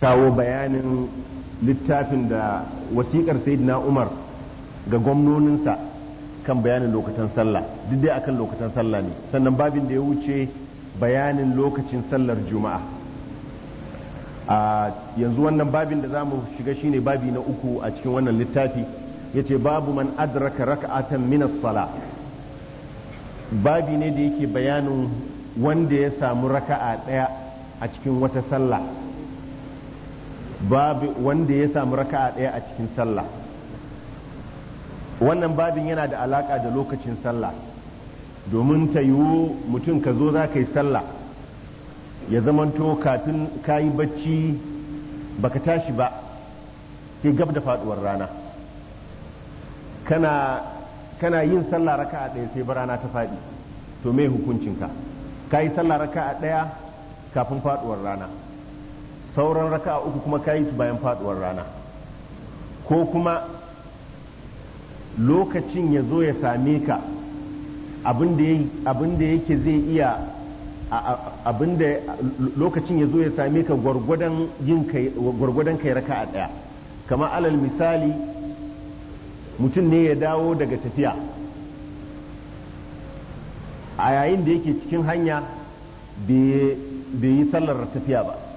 kawo bayanin littafin da wasiƙar sayyidina umar ga gwamnoninsa kan bayanin lokacin sallah duk dai akan lokacin sallah ne sannan babin da ya wuce bayanin lokacin sallar juma'a a yanzu wannan babin da za mu shiga shine babi na uku a cikin wannan littafi ya ce babu man adraka raka'atan minas sala babi ne da yake bayanin wanda ya samu raka'a ɗaya a cikin wata sallah babu wanda ya samu raka'a ɗaya a cikin sallah wannan babin yana da alaka da lokacin sallah domin ta yiwu mutum ka zo za ka yi sallah ya zamanto kafin ka yi bacci baka tashi ba sai gab da faduwar rana kana kana yin sallah raka'a ɗaya sai rana ta faɗi to me hukuncinka ka yi sallah raka'a ɗaya kafin faduwar rana sauran raka a uku kuma kayi su bayan faduwar rana ko kuma lokacin ya zo ya same ka abin da yake zai iya abinda lokacin ya zo ya same ka gwargwadon kai raka'a daya kama alal misali mutum ne ya dawo daga tafiya a yayin da yake cikin hanya bai yi sallar tafiya ba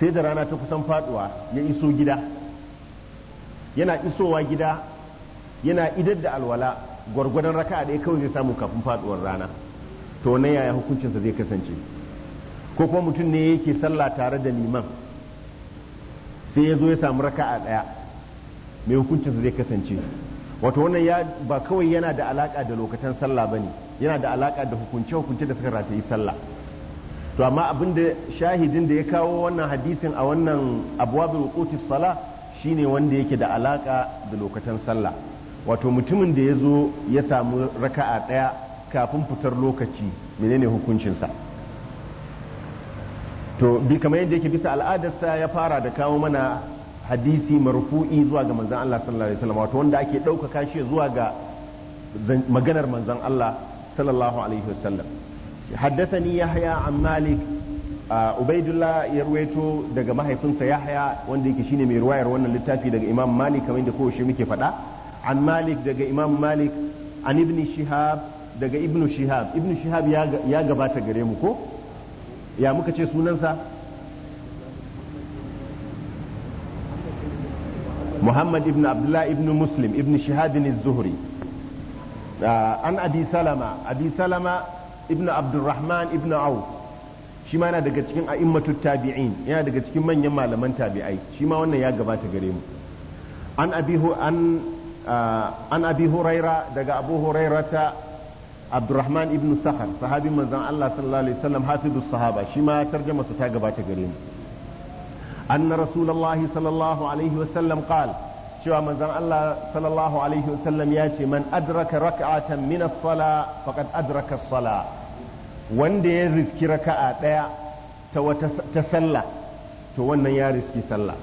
sai da rana ta kusan faduwa ya iso gida yana isowa gida yana idar da alwala gwargwadon raka ɗaya kawai zai samu kafin faduwar rana to na yaya hukuncinsa zai kasance ko kuma mutum ne yake sallah tare da liman sai ya zo ya samu raka a ɗaya mai hukuncinsa zai kasance wato wannan ya ba kawai yana da alaka da lokacin sallah ba ne yana da alaka da hukunce hukunce da suka rataye sallah to amma abin da shahidin da ya kawo wannan hadisin a wannan abwabul wuquti sala shine wanda yake da alaka da lokacin sallah wato mutumin da ya zo ya samu raka'a ɗaya kafin fitar lokaci menene hukuncinsa to bi kamar yadda yake bisa al'adarsa ya fara da kawo mana hadisi marfu'i zuwa ga manzan Allah sallallahu alaihi wato wanda ake ɗaukaka shi zuwa ga maganar manzan Allah sallallahu alaihi wasallam haddathani yahya an malik ubaidullah ya ruwaito daga mahaifinsa yahya wanda yake shine mai ruwayar wannan littafi daga imam malik kamar da kowace muke faɗa an malik daga imam malik an Ibni shihab daga Ibnu shihab ibn shihab ya gabata gare mu ko ya muka ce sunansa muhammad ibn abdullah ibn muslim ibn shihab zuhri an abi salama abi salama ibn abdurrahman ibn auf shi ma yana daga cikin a'immatu tabi'in yana daga cikin manyan malaman tabi'ai shi ma wannan ya gabata gare mu an abi an uh, huraira daga abu huraira ta abdurrahman ibn sakhar sahabin manzon Allah sallallahu alaihi wasallam hafidus sahaba shi ma tarjuma ta gabata gare mu anna rasulullahi sallallahu alaihi wasallam qala cewa manzon Allah sallallahu alaihi wasallam ya ce man adraka rak'atan min as-sala faqad adraka as-sala wanda ya riski raka'a ɗaya ta wata ta sallah to wannan ya riski sallah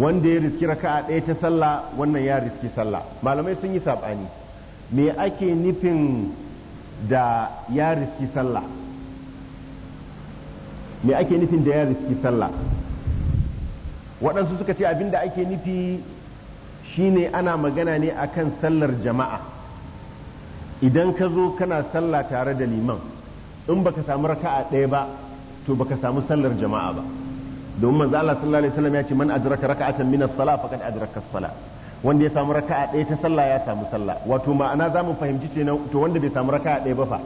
wanda ya riski raka'a ɗaya ta sallah wannan ya riski sallah malamai sun yi saɓani me ake nufin da ya riski sallah me ake nufin da ya riski sallah waɗansu suka ce abinda ake nufi shine ana magana ne akan sallar jama'a idan ka zo kana sallah tare da liman in baka samu raka'a ɗaya ba to baka samu sallar jama'a ba domin manzo Allah sallallahu alaihi wasallam ya ce man adraka raka'atan min as-salah faqad adraka as-salah wanda ya samu raka'a ɗaya ta sallah ya samu sallah wato ma'ana zamu fahimci ce to wanda bai samu raka'a ɗaya ba fa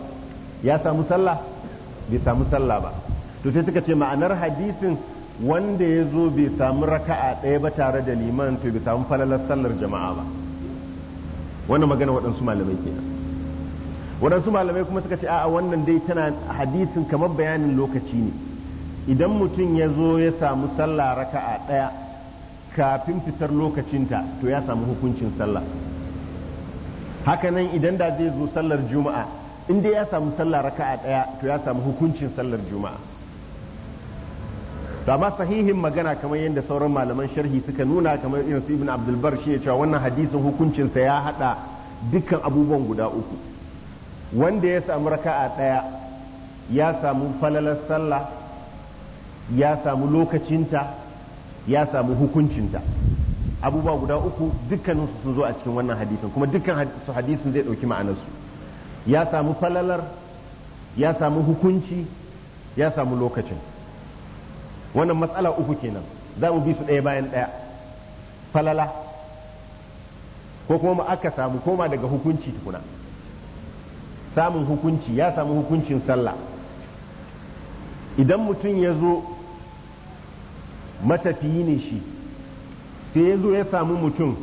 ya samu sallah bai samu sallah ba to sai suka ce ma'anar hadisin wanda ya zo bai samu raka'a ɗaya ba tare da liman to bai samu falalar sallar jama'a ba wannan magana waɗansu malamai kenan waɗansu malamai kuma suka ce a wannan dai tana hadisin kamar bayanin lokaci ne idan mutum ya zo ya samu sallah raka'a ɗaya kafin fitar lokacinta to ya samu hukuncin sallah hakanan idan da zai zo sallar juma'a in dai ya samu sallah raka'a ɗaya to ya samu hukuncin sallar juma'a to amma sahihin magana kamar yadda sauran malaman sharhi suka nuna kamar irin su ibn abdulbar shi ya cewa wannan hadisin hukuncinsa ya haɗa dukkan abubuwan guda uku wanda ya samu raka'a ɗaya ya samu falalar sallah ya samu lokacinta ya samu hukuncinta abubuwa guda uku dukkaninsu sun zo a cikin wannan hadisin kuma dukkan su hadisin zai ɗauki ma'anarsu ya samu falalar ya samu hukunci ya samu lokacin wannan matsala uku kenan za mu bi su ɗaya bayan ɗaya falala ko kuma aka samu koma daga hukunci tukuna samun hukunci ya samu hukuncin sallah idan mutum ya zo matafiyi ne shi sai ya zo ya samu mutum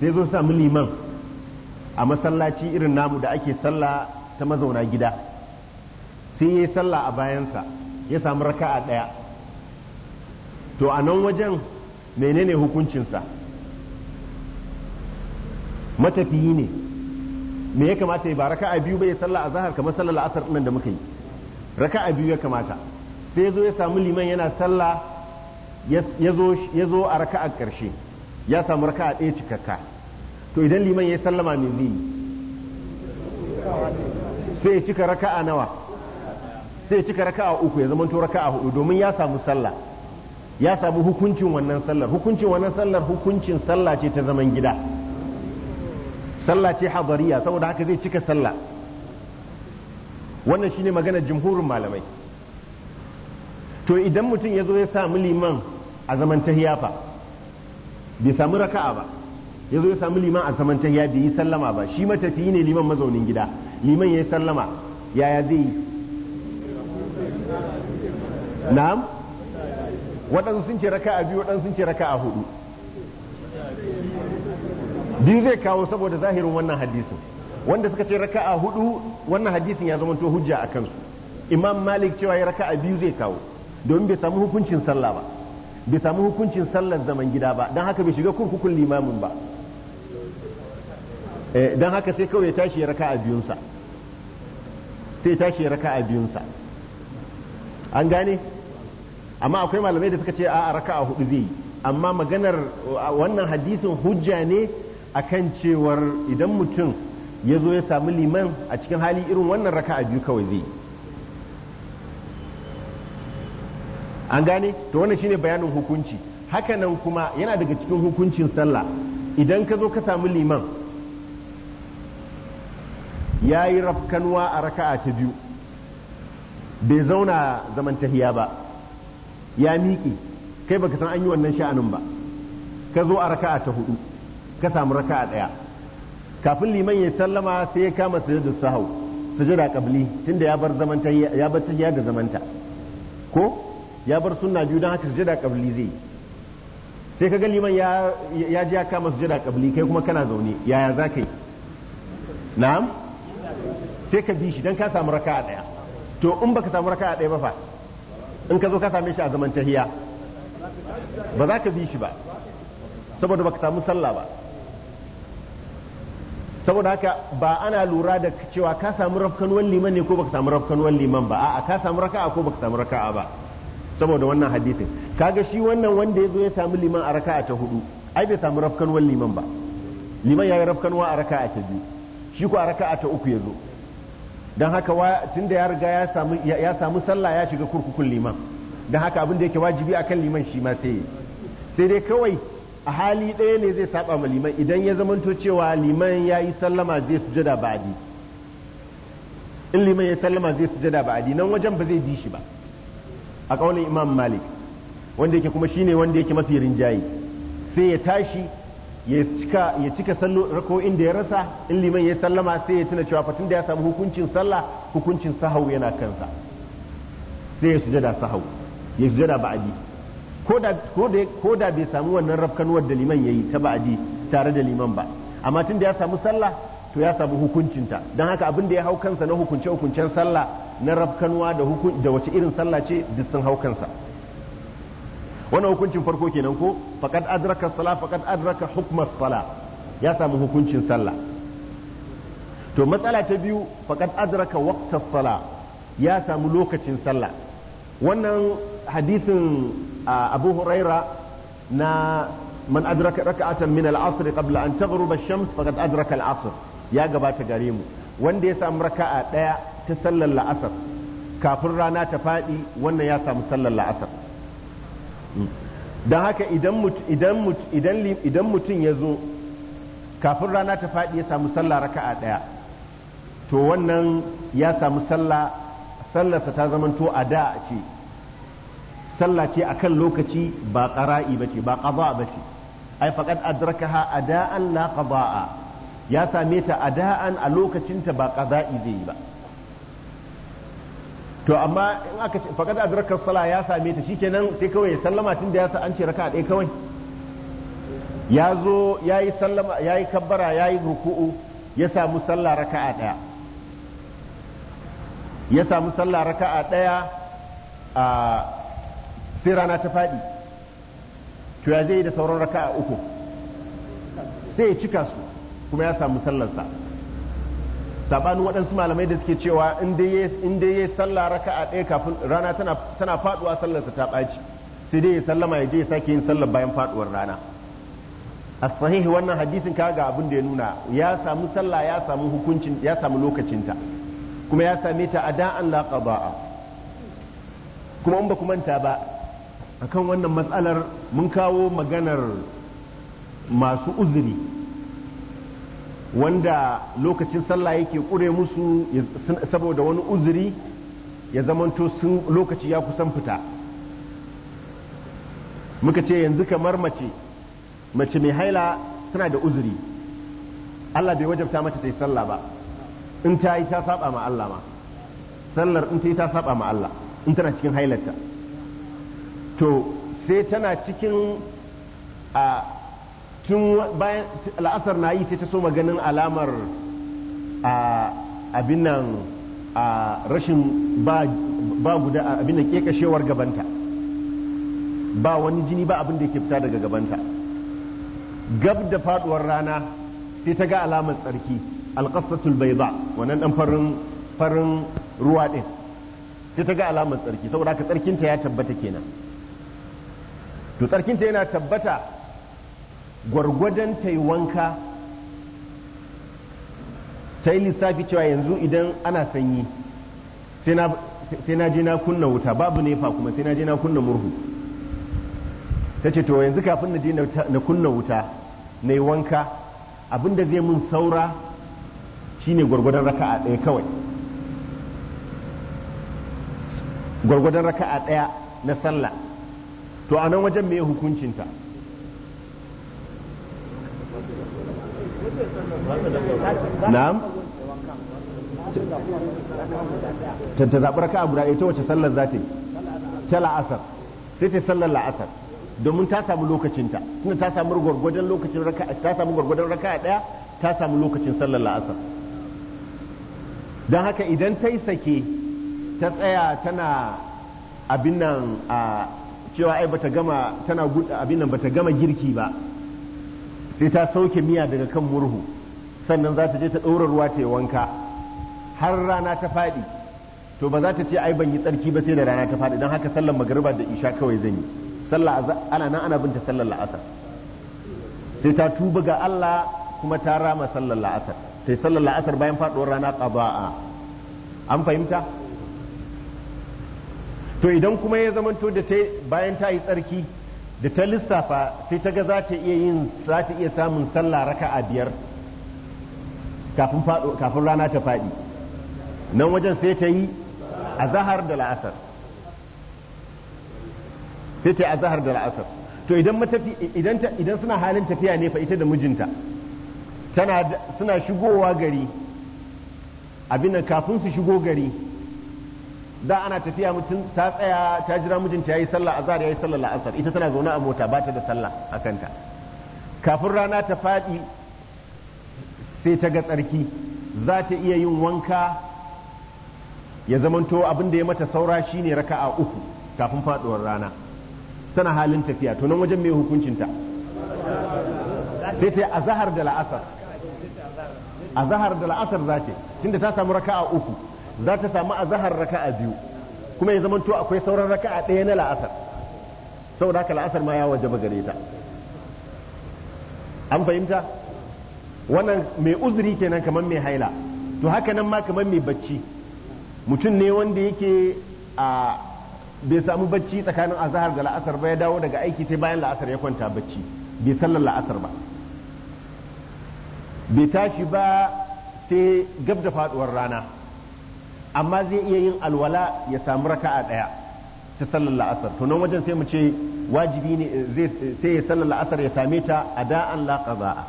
sai zo samu liman a masallaci irin namu da ake sallah ta mazauna gida sai ya yi sallah a bayansa ya samu raka'a ɗaya to a nan wajen menene hukuncinsa matafiyi ne me ya kamata ya ba raka'a biyu bai sallah azhar kamar sallar la'asar nan da muka yi raka'a biyu ya kamata sai ya zo ya samu liman yana sallah ya zo a raka'a karshe ya samu raka'a ɗaya cikakka to idan liman ya sallama me zai sai ya cika raka'a nawa sai ya cika raka'a uku ya zama to raka'a hudu domin ya samu sallah ya samu hukuncin wannan sallar hukuncin wannan sallar hukuncin sallah ce ta zaman gida sallah ce hadariya saboda haka zai cika sallah wannan shine maganar jumhurin malamai to idan mutum ya zo ya sami liman a zaman tahiya fa bai sami raka'a ba ya zo ya sami liman a zaman tahiya bai yi sallama ba shi matafiyi ne liman mazaunin gida liman ya yi sallama yaya zai yi na'am waɗansu sun ce raka'a biyu waɗansu sun ce raka'a hudu biyu zai kawo saboda zahirin wannan hadisin wanda suka ce raka'a hudu wannan hadisin ya zama to hujja a kansu imam malik cewa ya raka'a biyu zai kawo domin bai samu hukuncin sallah ba bai samu hukuncin sallar zaman gida ba don haka bai shiga kurkukun limamin ba eh, don haka sai kawai ya tashi ya raka'a biyunsa sai tashi ya raka'a biyunsa an gane amma akwai malamai da suka ce a raka'a hudu zai yi amma maganar wannan hadisin hujja ne akan cewar idan mutum ya zo ya samu liman a cikin hali irin wannan raka a biyu kawai zai an gane to wannan shine bayanin hukunci hakanan kuma yana daga cikin hukuncin sallah idan ka zo ka samu liman ya yi rafkanwa a raka a ta biyu bai zauna zaman tahiya ba ya miƙe kai baka san an yi wannan sha'anin ba ka zo a raka a ta hudu ka samu raka a daya kafin liman ya sallama sai ya kama da sahau sujuda qabli tunda ya bar zaman ya bar tahiyya da zamanta ko ya bar sunna biyu don haka sujuda qabli zai sai kaga liman ya ya ji ya kama sujuda qabli kai kuma kana zaune yaya za zakai na'am sai ka bi shi dan ka samu raka a daya to in baka samu raka a daya ba fa in ka zo ka same shi a zaman tahiya ba za ka bi shi ba saboda baka samu sallah ba saboda haka ba ana lura da cewa ka samu rafkanuwan liman ne ko baka samu rafkanuwan liman ba a'a ka samu raka'a ko baka samu raka'a ba saboda wannan hadisin kaga shi wannan wanda ya zo ya samu liman a raka'a ta hudu ai bai samu rafkanuwan liman ba liman ya yi rafkanuwa a raka'a ta biyu shi ko a raka'a ta uku ya zo don haka tunda ya riga ya samu ya samu sallah ya shiga kurkukun liman don haka abin da yake wajibi akan liman shi ma sai sai dai kawai a hali ɗaya ne zai saba ma liman idan ya zamanto cewa liman ya yi sallama zai sujada ba'adi in liman ya sallama zai sujada ba'adi nan wajen ba zai bi shi ba a ƙaunin imam malik wanda yake kuma shine wanda yake mafi rinjaye sai ya tashi ya cika ya cika sallo rako da ya rasa in liman ya sallama sai ya tuna cewa fatin da ya samu hukuncin sallah hukuncin sahau yana kansa sai ya sujada sahau ya sujada ba'adi ko da bai samu wannan rafkanuwar da liman ya yi ta ba'adi tare da liman ba amma tunda ya samu sallah to ya samu hukuncinta don haka abin da ya hau kansa na hukunce hukuncen sallah na rafkanuwa da da wace irin sallah ce duk sun hau kansa wannan hukuncin farko kenan ko faqad adraka sala faqad adraka hukma sala ya samu hukuncin sallah to matsala ta biyu faqad adraka waqta sala ya samu lokacin sallah wannan hadisin abu huraira na man adraka raka'atan min al-asr an taghruba shams faqad adraka al-asr ya gabata gare mu wanda ya samu raka'a daya ta sallar la'asar kafin rana ta fadi wannan ya samu sallar la'asar don haka idan mutum ya zo kafin rana ta faɗi ya samu sallah raka'a ɗaya to wannan ya samu sallah sallarsa ta zamanto a da ce sallah ce kan lokaci ba ba ce ba ba ce ai ha a da'an la ƙaba'a ya same ta a da'an a lokacinta ba ƙaza'i zai yi ba to amma in aka ce faqad adraka sala ya same ta shikenan sai kawai sallama tun da ya sa an ce raka ɗaya kawai ya zo ya yi sallama ya yi kabbara ya yi ruku'u ya samu sallah raka'a ɗaya ya samu sallah raka'a ɗaya a sai rana ta faɗi to ya zai da sauran raka a uku sai ya cika su kuma ya samu sallarsa sabanin waɗansu malamai da suke cewa in dai ya salla raka a ɗaya kafin rana tana faɗuwa sallarsa ta ɓaci sai dai ya sallama ya je ya sake yin sallar bayan faɗuwar rana a sahihi wannan hadisin ga abin da ya nuna ya samu salla ya samu hukuncin ya samu lokacinta kuma ya same ta a da'an la kuma in ba ku manta ba akan wannan matsalar mun kawo maganar masu uzuri wanda lokacin sallah yake kure musu saboda wani uzuri ya zamanto sun lokaci ya kusan fita muka ce yanzu kamar mace mace mai haila tana da uzuri Allah bai wajabta mata ta yi sallah ba in ta yi ta saba ma Allah ma sallar in ta yi ta saba ma Allah in tana cikin hailarta to sai tana cikin a tun bayan la'asar na yi sai ta so maganin alamar a abin nan a rashin ba guda abin nan kekashewar gabanta ba wani jini ba abin da ke fita daga gabanta gab da faduwar rana sai ta ga alamar tsarki alƙasatul bai ba wannan ɗan farin ruwa ɗin sai ta ga alamar tsarki saboda haka tsarkinta ya tabbata kenan to tsarkinta yana tabbata gwargwadon ta yi wanka ta yi lissafi cewa yanzu idan ana sanyi sai na je na kunna wuta babu ne fa kuma sai na je na kunna murhu ta ce to yanzu kafin na je na kunna wuta na yi wanka abinda zai mun saura shine gwargwadon raka'a ɗaya kawai gwargwadon raka'a ɗaya na sallah to a nan wajen mai hukuncinta na'am ta zaɓi raka guda ita wace sallar za ta yi ta la'asar sai ta sallar la'asar domin ta samu lokacinta tunda ta samu gwargwadon lokacin raka ta samu gwargwadon raka ɗaya ta samu lokacin sallar la'asar don haka idan ta yi sake ta tsaya tana abin nan a cewa ai bata gama tana abin nan bata gama girki ba sai ta sauke miya daga kan murhu sannan za ta je ta ɗora ruwa ta yi wanka har rana ta faɗi to ba za ta ce ai ban yi tsarki ba sai da rana ta faɗi don haka sallar magariba da isha kawai zan yi sallah ana nan ana binta sallar la'asar sai ta tuba ga Allah kuma ta rama sallar la'asar sai sallar la'asar bayan faɗuwar rana qaba'a an fahimta to idan kuma ya zamanto da ta bayan ta yi tsarki da ta lissafa sai ta ga za ta iya yin za ta iya samun sallah raka a biyar kafin rana ta faɗi nan wajen sai ta yi a zahar da la'asar sai ta yi a zahar da la'asar to idan matafi idan idan suna halin tafiya ne fa ita da mijinta tana suna shigowa gari abin kafin su shigo gari da ana tafiya mutum ta tsaya ta jira mijinta yayi sallah azhar yayi sallah la'asar ita tana zaune a mota ba ta da sallah a kanta kafin rana ta faɗi sai ta ga tsarki za ta iya yin wanka ya zamanto abin da ya mata saura shine raka'a uku kafin faduwar rana tana halin tafiya to nan wajen mai ta? sai ta yi azahar da la'asar azhar da la'asar za ta tunda ta samu raka'a uku za ta samu azahar raka'a biyu kuma ya zamanto akwai sauran raka'a ɗaya na la'asar saboda haka la'asar ma ya wajaba gare ta an fahimta wannan mai uzuri kenan kamar mai haila to haka nan ma kamar mai bacci mutum ne wanda yake a bai samu bacci tsakanin azahar da la'asar ba ya dawo daga aiki sai bayan la'asar ya kwanta bacci bai sallar la'asar ba bai tashi ba sai gab da faduwar rana amma zai iya yin alwala ya samu raka'a daya ta sallar la'asar to nan wajen sai mu ce wajibi ne eh, eh, sai ya sallar la'asar ya same ta ada'an la qaza'a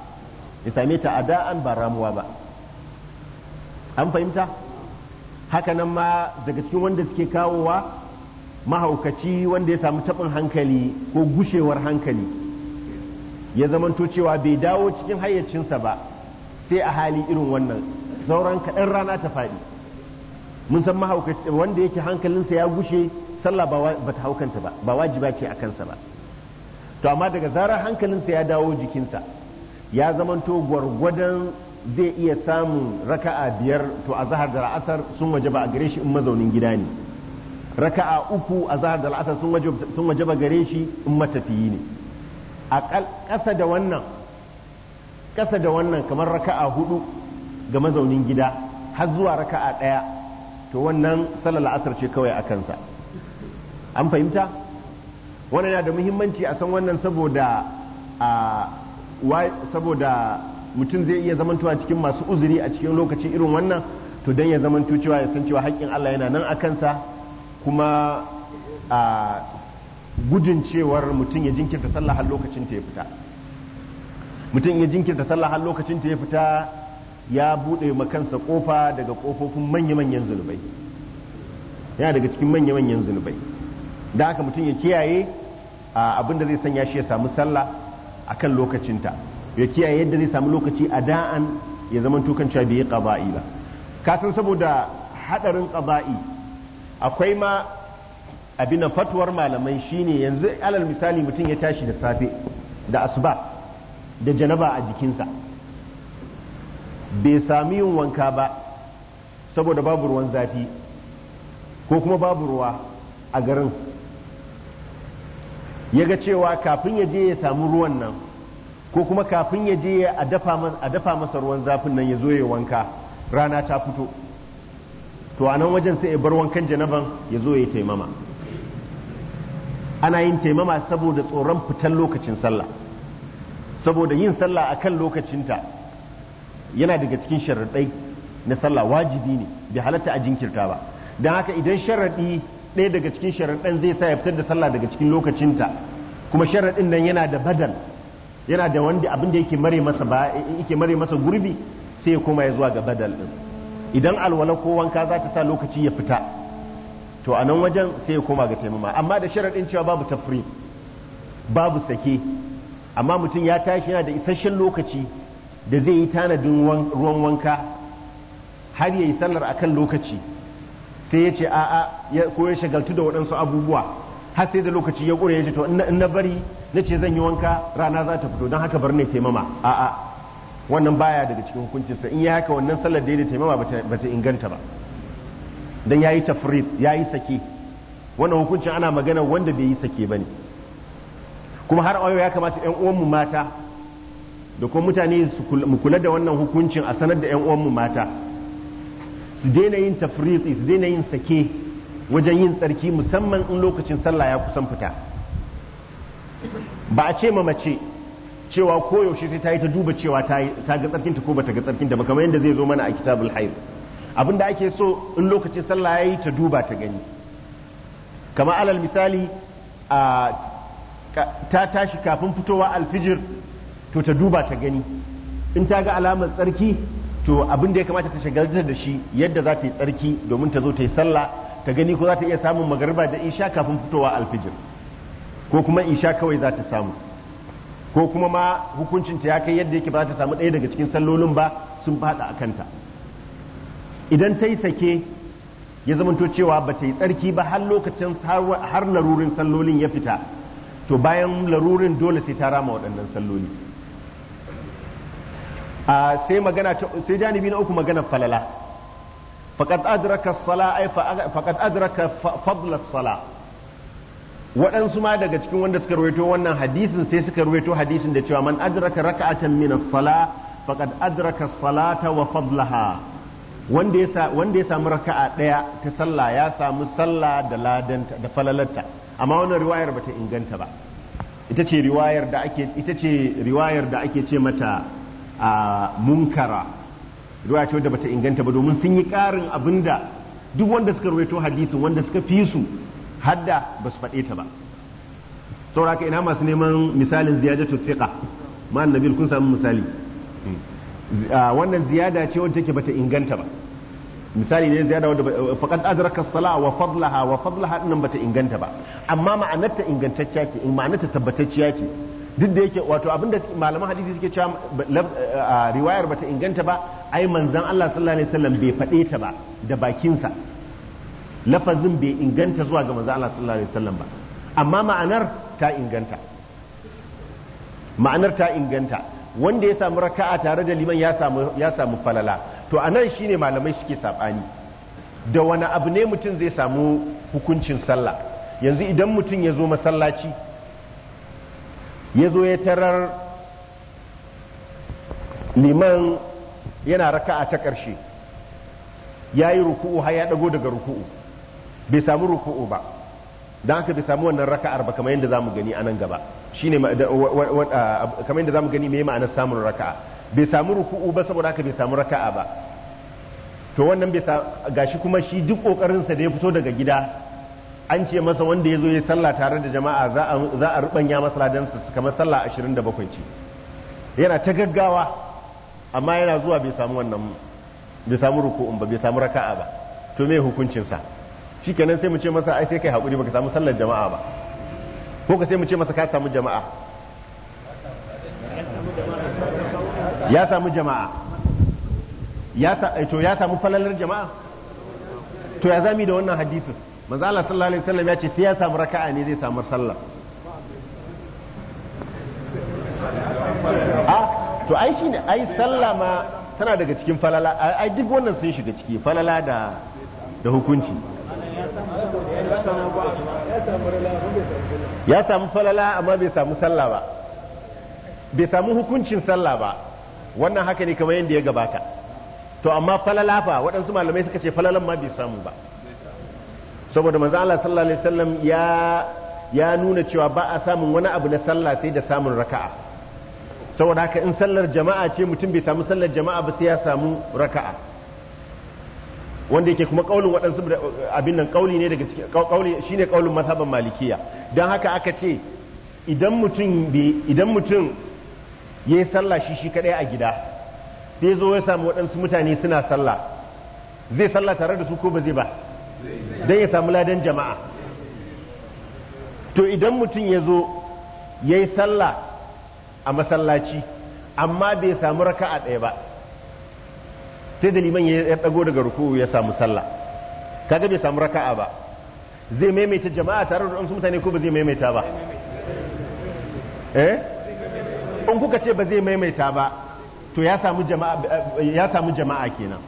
ya same ta ada'an ba ramuwa ba an fahimta haka nan ma daga cikin wanda suke kawowa mahaukaci wanda ya samu taɓin hankali ko gushewar hankali ya zamanto cewa bai dawo cikin hayyacinsa ba sai a hali irin wannan sauran kaɗan rana ta faɗi mun san mahaukaci wanda yake hankalinsa ya gushe sallah ba ta haukanta ba ba wajiba ce a kansa ba to amma daga zarar hankalinsa ya dawo jikinsa ya zamanto gwargwadon zai iya samun raka'a biyar to a zahar da la'asar sun waje ba a gare shi in mazaunin gida ne raka'a uku a zahar da la'asar sun waje ba gare shi in matafiyi ne a ƙasa da wannan ƙasa da wannan kamar raka'a hudu ga mazaunin gida har zuwa raka'a ɗaya to wannan salar la'asar ce kawai a kansa an fahimta wannan yana da muhimmanci a san wannan saboda mutum zai iya zamantowa cikin masu uzuri a cikin lokaci irin wannan to don ya zamanto cewa ya san cewa haƙƙin Allah yana nan a kansa kuma a gudun cewar mutum ya jinkirta sallah lokacin ta ya fita mutum ya jinkirta sallah har lokacin ta ya fita ya buɗe makansa ƙofa daga ƙofofin manya-manyan zunubai yana daga cikin manya-manyan zunubai da haka mutum ya kiyaye abin da zai sanya shi ya samu sallah a kan lokacinta ya kiyaye yadda zai samu lokaci a da'an ya zama tukanci bai yi ƙaba'i ba kasan saboda haɗarin ƙaba'i akwai ma abin fatuwar malamai shine yanzu alal misali mutum ya tashi da safe da asuba da janaba a jikinsa bai sami yin wanka ba saboda babu ruwan zafi ko kuma babu ruwa a garin ya ga cewa kafin ya je ya samu ruwan nan ko kuma kafin ya je a dafa masa ruwan zafin nan ya zo ya wanka rana ta fito to a nan wajen sai ya bar wankan janaban ya zo ya taimama ana yin taimama saboda tsoron fitan lokacin sallah saboda yin sallah a kan lokacinta yana daga cikin sharaɗai na sallah wajibi ne bai halatta a jinkirta ba don haka idan sharaɗi ɗaya daga cikin sharaɗan zai sa ya fitar da sallah daga cikin lokacinta kuma sharaɗin nan yana da badal yana da wanda abin da yake mare masa ba yake mare masa gurbi sai ya koma ya zuwa ga badal din idan alwala ko wanka za ta sa lokaci ya fita to a nan wajen sai ya koma ga taimama amma da sharaɗin cewa babu tafri babu sake amma mutum ya tashi yana da isasshen lokaci da zai yi tanadin ruwan wanka har ya yi sallar a kan lokaci sai ya ce a'a ko ya shagaltu da waɗansu abubuwa har sai da lokaci ya ƙure ya ce to in na bari na ce zan yi wanka rana za ta fito don haka bar ne taimama a'a wannan baya daga cikin hukuncinsa in ya haka wannan sallar da ya taimama ba ta inganta ba don ya yi tafrid ya yi sake wannan hukuncin ana magana wanda bai yi sake ba ne kuma har ayo ya kamata 'yan uwanmu mata da kuma mutane su kula da wannan hukuncin a sanar da 'yan uwanmu mata su daina yin tafriqi su daina yin sake wajen yin tsarki musamman in lokacin sallah ya kusan fita ba a ce ma mace cewa koyaushe sai ta yi ta duba cewa ta ga tsarkinta ko bata ga tsarkinta ba kamar yadda zai zo mana a kitabul haid abin da ake so in lokacin sallah yayi ta duba ta gani kamar alal misali ta tashi kafin fitowa alfijir to ta duba ta gani in ta ga alamar tsarki to abin da ya kamata ta shagaltar da shi yadda za ta yi tsarki domin ta zo ta yi sallah ta gani ko za ta iya samun magariba da isha kafin fitowa alfijir ko kuma isha kawai za ta samu ko kuma ma hukuncin ta ya kai yadda yake ba za ta samu ɗaya daga cikin sallolin ba sun faɗa a kanta idan ta yi sake ya zamanto cewa ba ta yi tsarki ba har lokacin har larurin sallolin ya fita to bayan larurin dole sai ta rama waɗannan salloli a sai magana sai janibi na uku magana falala faqad adraka as-sala ay faqad adraka fadl as-sala waɗansu ma daga cikin wanda suka rawaito wannan hadisin sai suka rawaito hadisin da cewa man adraka raka'atan min as-sala faqad adraka as-salata wa fadlaha wanda ya wanda ya samu raka'a daya ta sallah ya samu sallah da ladanta da falalarta amma wannan riwayar bata inganta ba ita ce riwayar da ake ita ce riwayar da ake ce mata a munkara ruwa ce wadda bata inganta ba domin sun yi ƙarin abinda duk wanda suka ruwaito hadisin wanda suka fi su hadda ba su faɗe ta ba sauraka ina masu neman misalin ziyadatu thiqa ma annabi kun samu misali wannan ziyada ce wadda take bata inganta ba misali ne ziyada wadda faqad adraka as-sala wa fadlaha wa fadlaha nan bata inganta ba amma ma'anarta ingantacciya ce in ma'anarta tabbatacciya ce duk da yake wato abinda malaman hadisi suke cewa a riwayar bata inganta ba ai manzon Allah sallallahu alaihi wasallam bai faɗe ta ba da bakinsa lafazin bai inganta zuwa ga manzon Allah sallallahu alaihi wasallam ba amma ma'anar ta inganta ma'anar ta inganta wanda ya samu raka'a tare da liman ya samu ya samu falala to anan shine malamai suke sabani da wani abu ne mutum zai samu hukuncin sallah yanzu idan mutum ya zo masallaci ya zo ya tarar liman yana raka'a ta ƙarshe ya yi ruku'u har ya ɗago daga ruku'u bai samu ruku'u ba don haka bai samu wannan raka'ar ba kamar yadda za mu gani a nan gaba shine kamar yadda za mu gani mai ma'anar samun raka'a bai samu ruku'u ba saboda haka bai samu raka'a ba to wannan bai gashi kuma shi duk ƙoƙarinsa da ya fito daga gida an ce masa wanda ya zo ya sallah tare da jama'a za a rubanya masa su kamar sallah 27 ce yana ta gaggawa amma yana zuwa bai samu wannan bai samu ruku'un ba bai samu raka'a ba to me hukuncin sa shikenan sai mu ce masa ai sai kai hakuri baka samu sallar jama'a ba ko ka sai mu ce masa ka samu jama'a ya samu jama'a ya eh, to ya samu falalar jama'a to ya zami da wannan hadisin manzo Allah sallallahu alaihi wasallam ya ce sai ya samu raka'a ne zai samu sallah a to ai shine ai sallah ma tana daga cikin falala ai duk wannan sun shiga ciki falala da da hukunci ya samu falala amma bai samu sallah ba bai samu hukuncin sallah ba wannan haka ne kamar yadda ya gabata to amma falala fa waɗansu malamai suka ce falalan ma bai samu ba saboda manzo Allah sallallahu alaihi wasallam ya ya nuna cewa ba a samun wani abu na sallah sai da samun raka'a saboda haka in sallar jama'a ce mutum bai samu sallar jama'a ba sai ya samu raka'a wanda yake kuma kaulin waɗansu abin nan kauli ne daga cikin kauli shine kaulin mazhaban malikiya dan haka aka ce idan mutum idan mutum yayi sallah shi shi kadai a gida sai zo ya samu waɗansu mutane suna sallah zai sallah tare da su ko ba zai ba don ya samu ladan jama'a to idan mutum ya zo ya yi sallah a masallaci amma bai samu raka a ɗaya ba sai da liman ya ɗago daga ruku ya samu sallah kaga bai samu raka'a ba zai maimaita jama'a tare da wasu mutane ko ba zai maimaita ba eh in kuka ce ba zai maimaita ba to ya samu jama'a kenan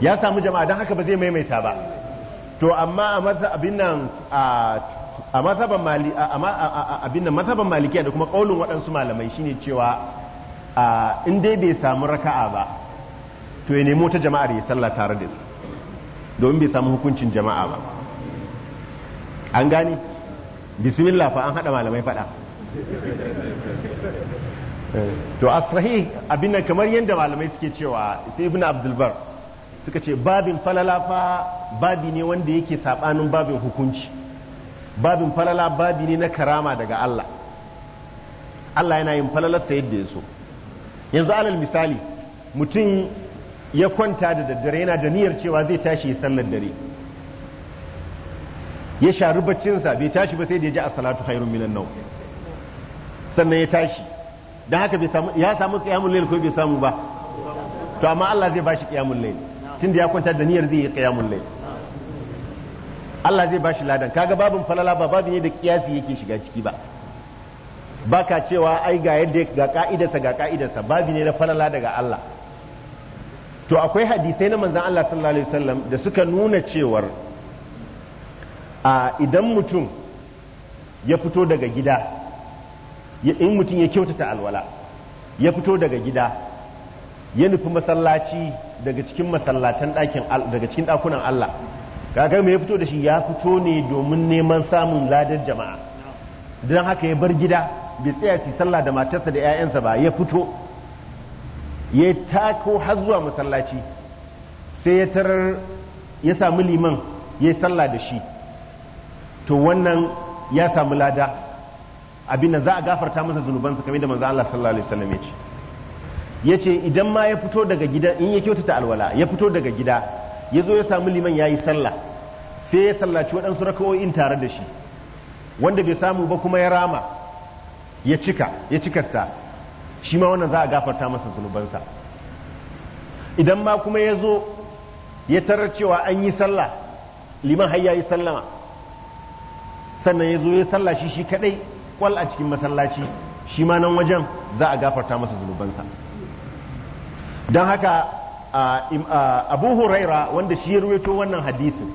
ya samu jama'a don haka ba zai maimaita ba to amma a mazhabin a mali a abin nan mazhaban malikiya da kuma kaulin waɗansu malamai shine cewa in dai bai samu raka'a ba to ya nemo ta jama'ar ya sallah tare da su domin bai samu hukuncin jama'a ba an gani bismillah fa an haɗa malamai faɗa eh, to a sahih abin nan kamar yadda malamai suke cewa sai ibn abdulbar suka ce babin falala fa babi ne wanda yake sabanin babin hukunci babin falala babi ne na karama daga Allah Allah yana yin falalarsa yadda ya so yanzu alal misali mutum ya kwanta da daddare yana da niyyar cewa zai tashi ya sallar dare ya shari baccinsa bai tashi ba sai da ya ji a salatu khairun minan nau sannan ya tashi don haka bai samu ya samu qiyamul layl ko bai samu ba to amma Allah zai bashi qiyamul layl tunda ya kwanta da niyyar zai yi qiyamul lai Allah zai ba shi ladan kaga babin falala ba babin ne da kiyasi yake shiga ciki ba Ba ka cewa ai ga yadda ga ka'idarsa ga ka'idarsa babi ne na falala daga Allah to akwai hadisai na manzan Allah sallallahu alaihi wasallam da suka nuna cewar a idan mutum ya fito daga gida in mutum ya kyautata alwala ya fito daga gida ya nufi masallaci daga cikin masallatan ɗakin daga cikin ɗakunan Allah kaga me ya fito da shi ya fito ne domin neman samun ladar jama'a don haka ya bar gida bai tsaya ci sallah da matarsa da 'ya'yansa ba ya fito ya tako har zuwa masallaci sai ya tarar ya samu liman ya yi sallah da shi to wannan ya samu lada abin da za a gafarta masa zunubansa kamar da manzo Allah sallallahu alaihi wasallam ya ce yace idan ma ya fito daga gida in ya kyautata alwala ya fito daga gida ya zo ya samu liman ya yi sallah sai ya sallaci waɗansu raka'o'in tare da shi wanda bai samu ba kuma ya rama ya cika ya cikarsa shi ma wannan za a gafarta masa zunubansa idan ma kuma ya zo ya tarar cewa an yi sallah liman har ya yi sallama sannan ya zo ya sallah shi shi kaɗai kwal a cikin masallaci shi ma nan wajen za a gafarta masa zunubansa don haka abu huraira wanda shi ya ruwaito wannan hadisin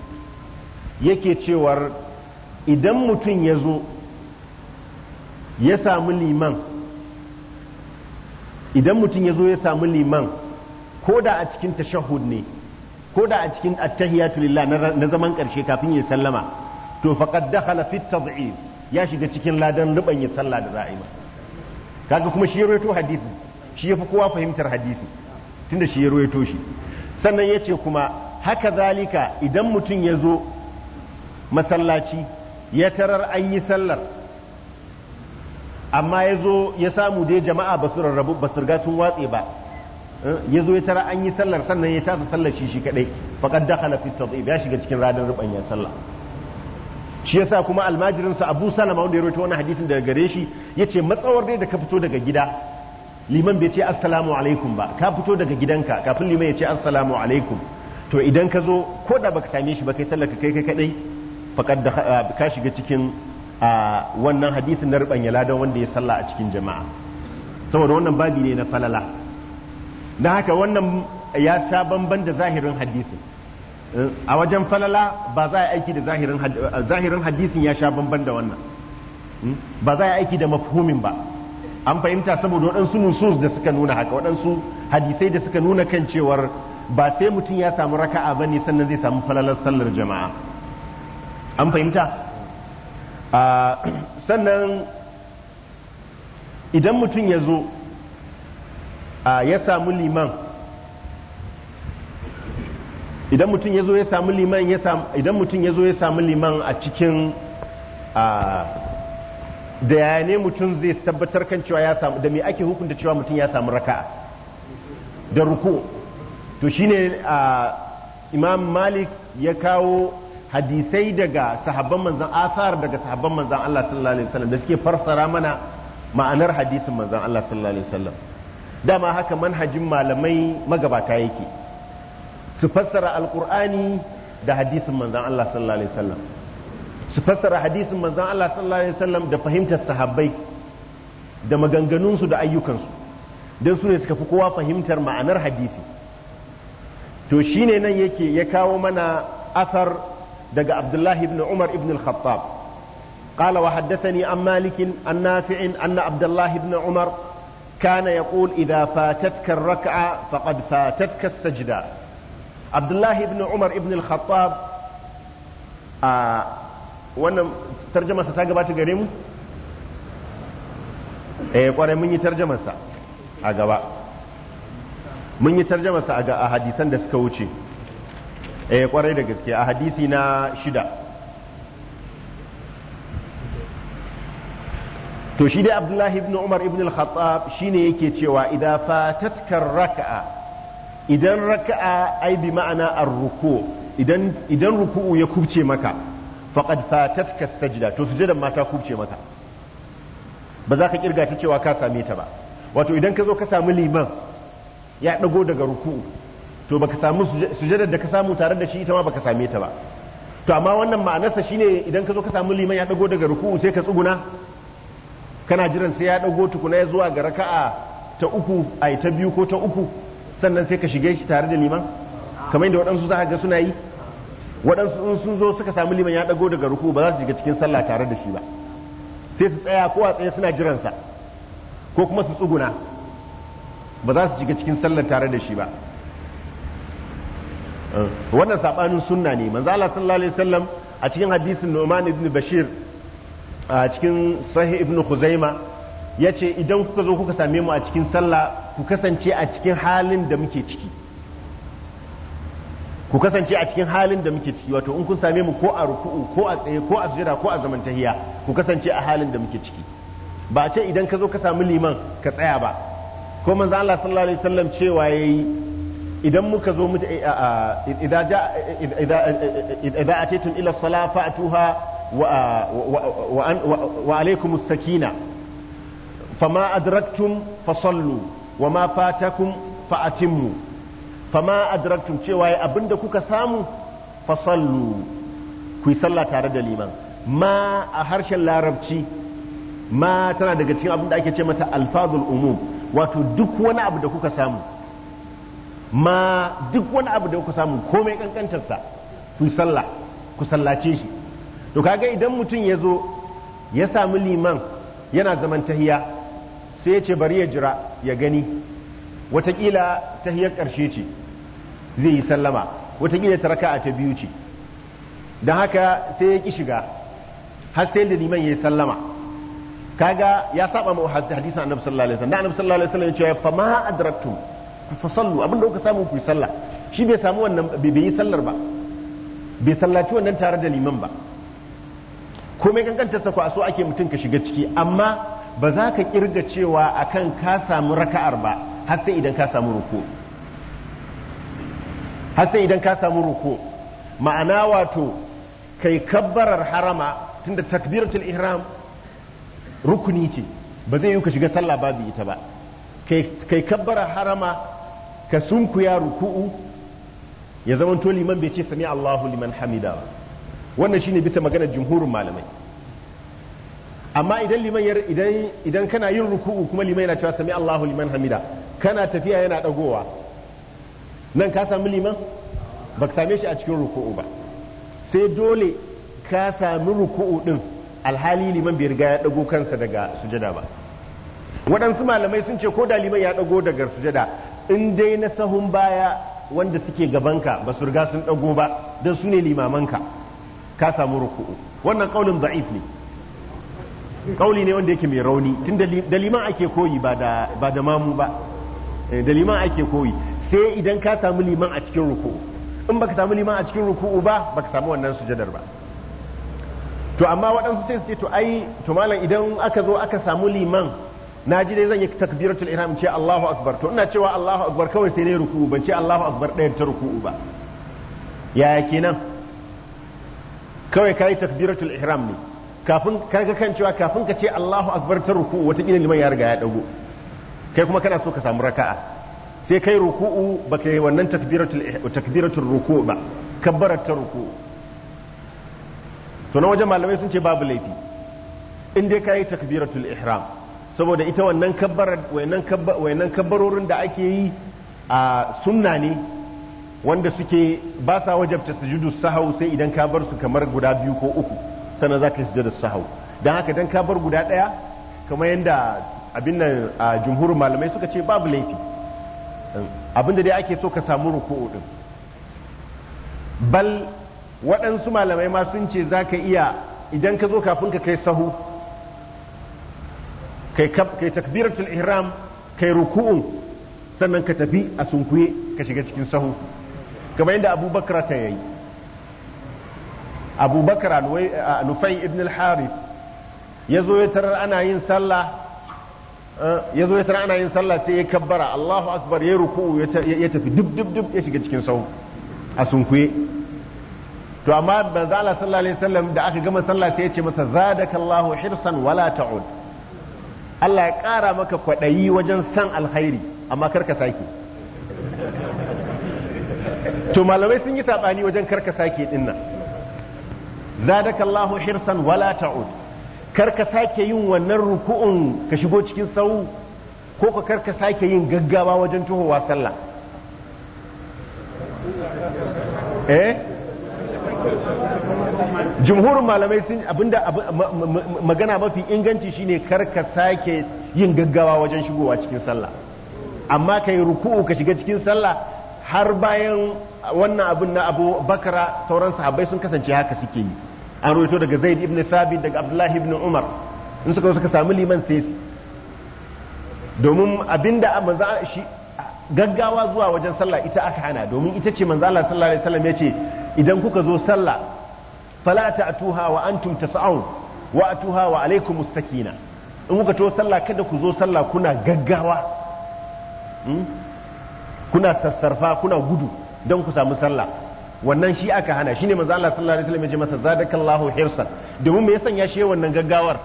yake cewar idan mutum ya zo ya samu liman idan mutum ya zo ya samu liman ko da a cikin tashahud ne ko da a cikin attahiyatu na zaman karshe kafin ya sallama to faqad dakhala fi tad'if ya shiga cikin ladan ruban ya sallah da za'ima kaga kuma shi ya ruwaito hadisi shi ya fi kowa fahimtar hadisi tunda shi ya ruwaito shi sannan ya ce kuma haka zalika idan mutum ya zo masallaci ya tarar an yi sallar amma ya zo ya samu dai jama'a ba su rarrabu ba su riga sun watse ba eh, ya zo ya tara an yi sallar sannan ya tasa sallar shi shi kadai faqad dakhala fi tadhib ya shiga cikin radan ruban ya salla. shi yasa kuma almajirin sa Abu Salama wanda ya rawaito wani hadisin daga gare shi ya ce matsawar dai da ka fito daga gida liman bai ce assalamu alaikum ba ka fito daga gidanka kafin liman ya ce assalamu alaikum to idan ka zo ko da baka same shi ba kai sallaka kai kai kadai faqad ah, ka shiga cikin ah, wannan hadisin na rubanya ladan wanda ya salla a cikin jama'a saboda wannan babi ne na falala dan haka wannan ya ta bamban da zahirin hadisin eh, a wajen falala ba za a aiki da zahirin hadisin ya sha bamban da wannan hmm? ba za a aiki da mafhumin ba an fahimta saboda waɗansu nusus da suka nuna haka waɗansu hadisai da suka nuna kan cewar ba sai mutum ya samu raka'a ba ne sannan zai samu falalar sallar jama'a an fahimta ah, sannan idan mutum ya zo ah, ya samu liman idan mutum ya zo ya samu liman ya samu idan mutum ya zo ya samu liman a cikin ah, da ya ne mutum zai tabbatar kan cewa ya samu da me ake hukunta cewa mutum ya samu raka'a da ruku to shine a imam malik ya kawo hadisai daga sahabban manzan asar daga sahabban manzan Allah sallallahu alaihi wasallam da suke farsara mana ma'anar hadisin manzan Allah sallallahu alaihi wasallam dama haka manhajin malamai magabata yake su fassara alqur'ani da hadisin manzan Allah sallallahu alaihi wasallam su fassara hadisin manzan Allah sallallahu alaihi wasallam da fahimtar sahabbai da maganganunsu da ayyukansu don su ne suka fi kowa fahimtar ma'anar hadisi to shine nan yake ya kawo mana asar daga Abdullahi ibn Umar ibn al-Khattab قال وحدثني عن مالك عن نافع أن عبد الله بن عمر كان يقول إذا فاتتك الركعة فقد فاتتك السجدة عبد الله بن عمر بن الخطاب wannan tarjamarsa ta gabata gare mu eh kwarai mun yi tarjamarsa a gaba mun yi tarjamarsa a hadisan da suka wuce eh kwarai da gaske a hadisi na shida to shi dai abdullahi ibn umar ibn al-khattab shine yake cewa idan fatatkar raka'a idan raka'a ai bi ma'ana ar-ruku idan idan ruku'u ya kubce maka faqad fatatka sajda to sujudan ma ta kubce maka ba za ka kirga ta cewa ka same ta ba wato idan ka zo ka samu liman ya ɗago daga ruku'u to baka samu sujadar da ka samu tare da shi ita ma baka same ta ba to amma wannan ma'anarsa shine idan ka zo ka samu liman ya ɗago daga ruku'u sai ka tsuguna kana jiran sai ya ɗago tukuna ya zuwa ga raka'a ta uku ai ta biyu ko ta uku sannan sai ka shige shi tare da liman kamar yadda waɗansu za ga suna yi waɗansu in sun zo suka samu liman ya ɗago daga ruku ba za su shiga cikin sallah tare da shi ba sai su tsaya ko a tsaye suna jiransa ko kuma su tsuguna ba za su shiga cikin sallah tare da shi ba eh, wannan sabanin sunna ne manzo Allah sallallahu alaihi wasallam a cikin hadisin Nu'man ibn Bashir a cikin Sahih ibn Khuzaima yace idan kuka zo kuka same mu a cikin sallah ku kasance a cikin halin da muke ciki ku kasance a cikin halin da muke ciki wato in kun same mu ko a ruku'u ko a tsaye ko a sujada ko a zamantahiya ku kasance a halin da muke ciki ba a ce idan ka zo ka samu liman ka tsaya ba ko manzo Allah sallallahu alaihi wasallam cewa yayi idan muka zo mu eh, idan ja idan atitun ila sala fa'tuha wa wa alaikum as-sakina fama adraktum fasallu ma fatakum fa'atimmu fama adraktum cewa ya abinda kuka samu fasallu ku yi sallah tare da liman ma a harshen larabci ma tana daga cikin abin da ake ce mata alfazul umum wato duk wani abu da kuka samu ma duk wani abu da kuka samu komai kankantarsa ku yi sallah ku sallace shi to kaga idan mutum ya zo ya sami liman yana zaman tahiya sai ya ce bari ya jira ya gani watakila tahiyar ƙarshe ce zai yi sallama watakila ta raka'a ta biyu ce don haka sai ya ki shiga har sai da liman ya yi sallama kaga ya saba ma hadisin annabi sallallahu alaihi wasallam annabi sallallahu alaihi wasallam ya ce fa ma adraktum fa sallu abinda kuka samu ku yi sallah shi bai samu wannan bai yi sallar ba bai sallaci wannan tare da liman ba komai kankanta sa a so ake mutum ka shiga ciki amma ba za ka kirga cewa akan ka samu raka'ar ba har sai idan ka samu ruku' har sai idan ka samu ruku ma'ana wato kai kabbarar harama tunda takbiratul ihram rukuni ce ba zai yi ka shiga sallah babu ita ba kai kabbarar harama ka sunkuya ruku'u ya zama to liman bai ce sami Allahu liman hamida wannan shine bisa maganar jumhurin malamai amma idan liman idan kana yin ruku'u kuma liman yana cewa sami Allahu liman hamida kana tafiya yana dagowa nan ka sami liman ba ka same shi a cikin ruku'u ba sai dole ka sami ruku'u din alhali liman bai riga ya dago kansa daga sujada ba waɗansu malamai sun ce ko da liman ya dago daga sujada in dai na sahun baya wanda suke gabanka ba su riga sun dago ba don su ne limamanka ka samu ruku'u wannan kaulin da'if ne kauli ne wanda yake mai rauni tun da liman ake koyi ba da mamu ba eh, da liman ake koyi sai idan ka samu liman a cikin ruku in baka samu liman a cikin ruku'u ba baka samu wannan sujadar ba to amma waɗansu sai su ce to ai to malam idan aka zo aka samu liman na ji dai zan yi takbiratul ihram ce Allahu akbar to ina cewa Allahu akbar kawai sai dai ruku'u ban ce Allahu akbar ɗaya ta ruku'u ba yaya kenan kawai kai takbiratul ihram ne kafin kaga kan cewa kafin ka ce Allahu akbar ta ruku'u wata liman ya riga ya dago kai kuma kana so ka samu raka'a sai kai ruku'u ba kai wannan takbiratul eh, ruku ba kabbarar ta ruku'u to na wajen malamai sun ce babu laifi in dai kai takbiratul ihram saboda ita wannan kabbarar wannan kabbarorin da ake yi a sunna ne wanda suke ba sa wajabta sujudu sahau sai idan ka bar su kamar guda biyu ko uku sannan za ka yi sujudu sahau dan haka dan ka bar guda ɗaya kamar yadda abin nan a jumhurin malamai suka ce babu laifi abinda dai ake so ka samu ruku'u din bal waɗansu malamai ma sun ce za ka iya idan ka zo kafin ka kai sahu kai takbiratul ihram kai ruku'un sannan ka tafi a sunkuye ka shiga cikin sahu kamar yadda abubakar ta yayi abubakar nufai ibn al-harith ya zo ya tarar ana yin sallah Eh, ya zo ya tara ana yin sallah sai ya kabbara Allahu akbar ya ruku'u ya tafi dub dub dub ya shiga cikin sau a sunkuye to amma manzo Allah sallallahu alaihi wasallam da aka gama sallah sai ya ce masa zadakallahu hirsan wala ta'ud Allah ya ƙara maka kwaɗayi wajen san alkhairi amma karka sake to malamai sun yi saɓani wajen karka sake dinnan zadakallahu hirsan wala ta'ud kar ka sake yin wannan ruku'un ka shigo cikin sau ko ka kar ka sake yin gaggawa wajen tuhowa sallah eh jumhurin malamai sun abinda magana mafi inganci shine kar ka sake yin gaggawa wajen shigowa cikin sallah amma kai ruku'u ka shiga cikin sallah har bayan wannan abin na abu bakara sauran sahabbai sun kasance haka suke yi an rawaito daga zaid ibn sabit daga abdullahi ibn umar in suka suka samu liman sai domin abinda manzo shi gaggawa zuwa wajen sallah ita aka hana domin ita ce manzo Allah sallallahu alaihi wasallam yace idan kuka zo sallah fala ta'tuha wa antum tas'un wa atuha wa alaikumus sakina in kuka to sallah kada ku zo sallah kuna gaggawa hmm? kuna sassarfa kuna gudu don ku samu sallah wannan shi aka hana shine manzo Allah sallallahu alaihi wasallam ya ce masa zadakallahu hirsan domin me ya sanya shi wannan gaggawar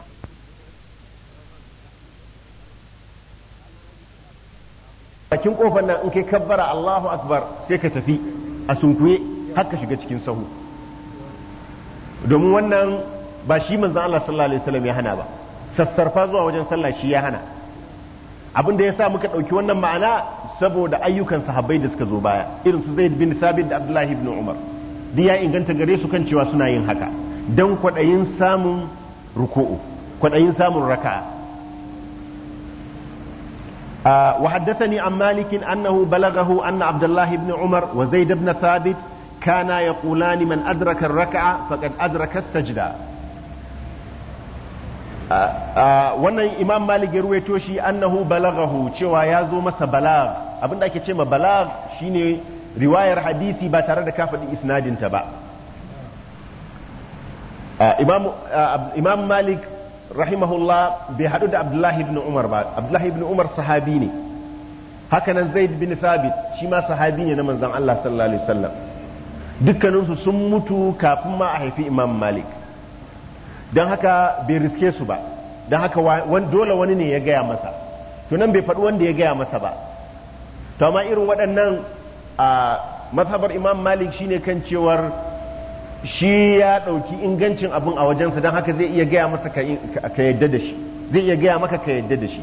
bakin kofar nan in kai kabbara Allahu akbar sai ka tafi a sunkuye haka shiga cikin sahu domin wannan ba shi manzo Allah sallallahu alaihi wasallam ya hana ba sassarfa zuwa wajen sallah shi ya hana abin da ya sa muka ɗauki wannan ma'ana saboda ayyukan sahabbai da suka zo baya irin su zaid bin thabit da abdullahi ibn umar duk ya inganta gare su kan cewa suna yin haka dan kwaɗayin samun ruku'u kwaɗayin samun raka'a وحدثني عن balagahu anna بلغه أن umar الله بن عمر Kana ya kula ni man من raka'a? الركعة فقد أدرك السجدة wannan imam malik ya ruwaito shi annahu balagahu cewa ya zo masa balag abinda ake ce ma balag shine riwayar hadisi ba tare da isnadin ta ba imam malik rahimahullah bai hadu da abdullahi ibn umar ba abdullahi ibn umar sahabi ne hakanan zaid bin thabit shi ma sahabi ne na manzon allah sallallahu alaihi wasallam dukkaninsu sun mutu kafin ma a haifi imam malik don haka bai riske su ba don haka dole wani ne ya gaya masa to bai faɗi wanda ya gaya masa ba to amma irin waɗannan a mazhabar imam malik shine kan cewar shi ya ɗauki ingancin abin a wajensa don haka zai iya gaya masa ka yadda da shi zai iya gaya maka ka yadda da shi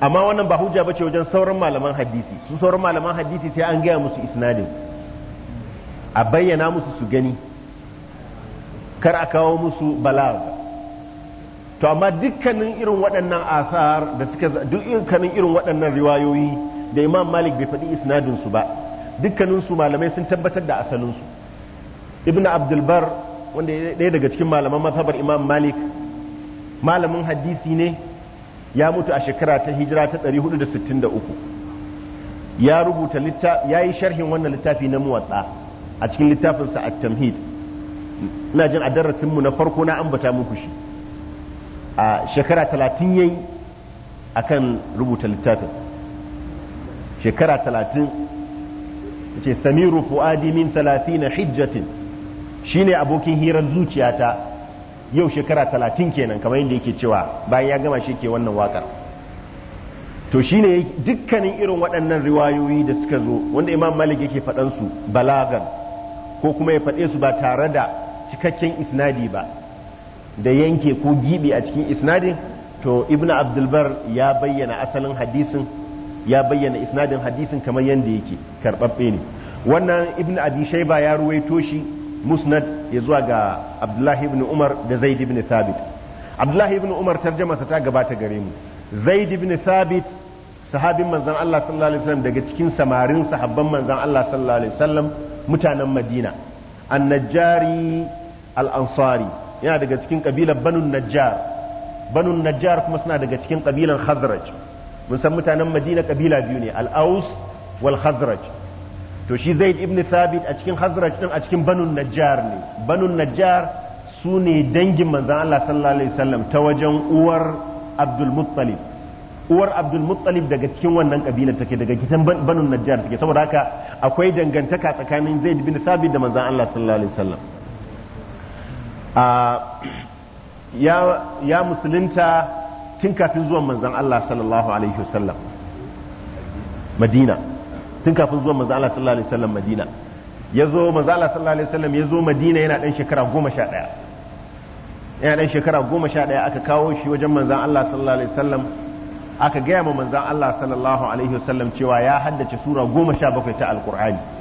amma wannan ba hujja bace wajen sauran malaman hadisi su sauran malaman hadisi sai an gaya musu isnadin a bayyana musu su gani kar a kawo musu balag to amma dukkanin irin waɗannan asar da suka dukkanin irin waɗannan riwayoyi da imam malik bai faɗi isnadin su ba dukkanin su malamai sun tabbatar da asalinsu. su ibnu abdulbar wanda ɗaya daga cikin malaman mazhabar imam malik malamin hadisi ne ya mutu a shekara ta hijira ta 463 ya rubuta littafi ya yi sharhin wannan littafi na muwatsa a cikin littafinsa a tamhid ina jin a darasin na farko na ambata muku shi a shekara talatin yayi akan rubuta littafin shekara talatin ce samiru fu'adi min talatin hijjatin shine abokin hirar zuciyata yau shekara talatin kenan kamar yadda yake cewa bayan ya gama shi ke wannan waƙar to shi ne dukkanin irin waɗannan riwayoyi da suka zo wanda imam malik yake faɗansu balagan ko kuma ya faɗe su ba tare da cikakken isnadi ba da yanke ko gibi a cikin isnadin to ibn abdulbar ya bayyana asalin hadisin ya bayyana isnadin hadisin kamar yadda yake karɓaɓɓe ne wannan ibn abi shaiba ya ruwaito shi musnad ya zuwa ga abdullahi ibn umar da zaid ibn thabit abdullahi ibn umar sa ta gabata gare mu zaid ibn thabit sahabin manzon Allah sallallahu alaihi wasallam daga cikin samarin sahabban manzon Allah sallallahu alaihi wasallam mutanen madina annajari al yana daga cikin ƙabilar banun najjar banun najjar kuma suna daga cikin ƙabilar khazraj mun san mutanen madina kabila biyu ne al wal khazraj to shi zaid ibn thabit a cikin khazraj din a cikin banun najjar ne banun najjar su ne dangin manzan Allah sallallahu alaihi wasallam ta wajen uwar abdul muttalib uwar abdul muttalib daga cikin wannan kabila take daga gidan banun najjar take saboda haka akwai dangantaka tsakanin zaid ibn thabit da manzon Allah sallallahu alaihi wasallam ya musulunta tun kafin zuwan manzan Allah sallallahu alaihi wasallam madina tun kafin zuwan manzan Allah sallallahu alaihi wasallam madina ya zo manzan Allah sallallahu alaihi wasallam ya zo madina yana ɗan shekara goma sha ɗaya yana ɗan shekara goma sha ɗaya aka kawo shi wajen manzan Allah sallallahu alaihi wasallam aka gaya ma manzan Allah sallallahu alaihi wasallam cewa ya haddace sura goma sha bakwai ta alkur'ani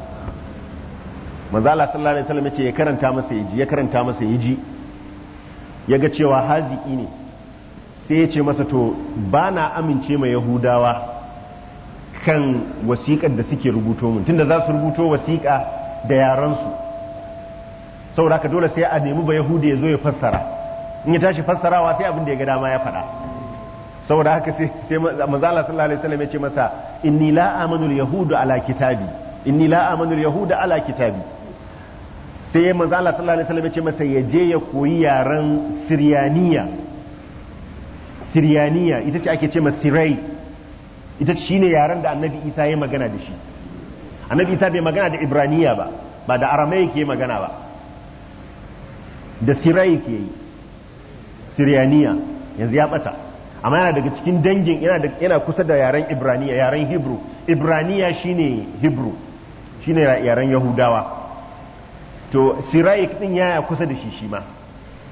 manzo sallallahu alaihi wasallam yace ya karanta masa yaji ya karanta masa yaji ya ga cewa haziki ne sai ya ce masa to ba na amince ma yahudawa kan wasiƙar da suke rubuto mun tunda za su rubuto wasiƙa da yaransu saboda haka dole sai a nemi ba yahudi ya zo ya fassara in ya tashi fassarawa sai abin da ya ga dama ya faɗa saboda haka sai manzo Allah sallallahu alaihi wasallam ya ce masa inni la amanu al-yahudu ala kitabi inni la amanu al-yahuda ala kitabi sai manzo Allah sallallahu alaihi wasallam ya ce masa ya je ya koyi yaren Siryaniya Siryaniya ita ce ake ce ma Sirai ita ce shine yaren da Annabi Isa ya magana da shi Annabi Isa bai magana da Ibraniya ba ba da Aramaic ya magana ba da Sirai ke yi Siryaniya yanzu ya bata amma yana daga cikin dangin yana kusa da yaren Ibraniya yaren Hebrew Ibraniya shine Hebrew shine yaren Yahudawa to siraik din ya kusa da shi shi ma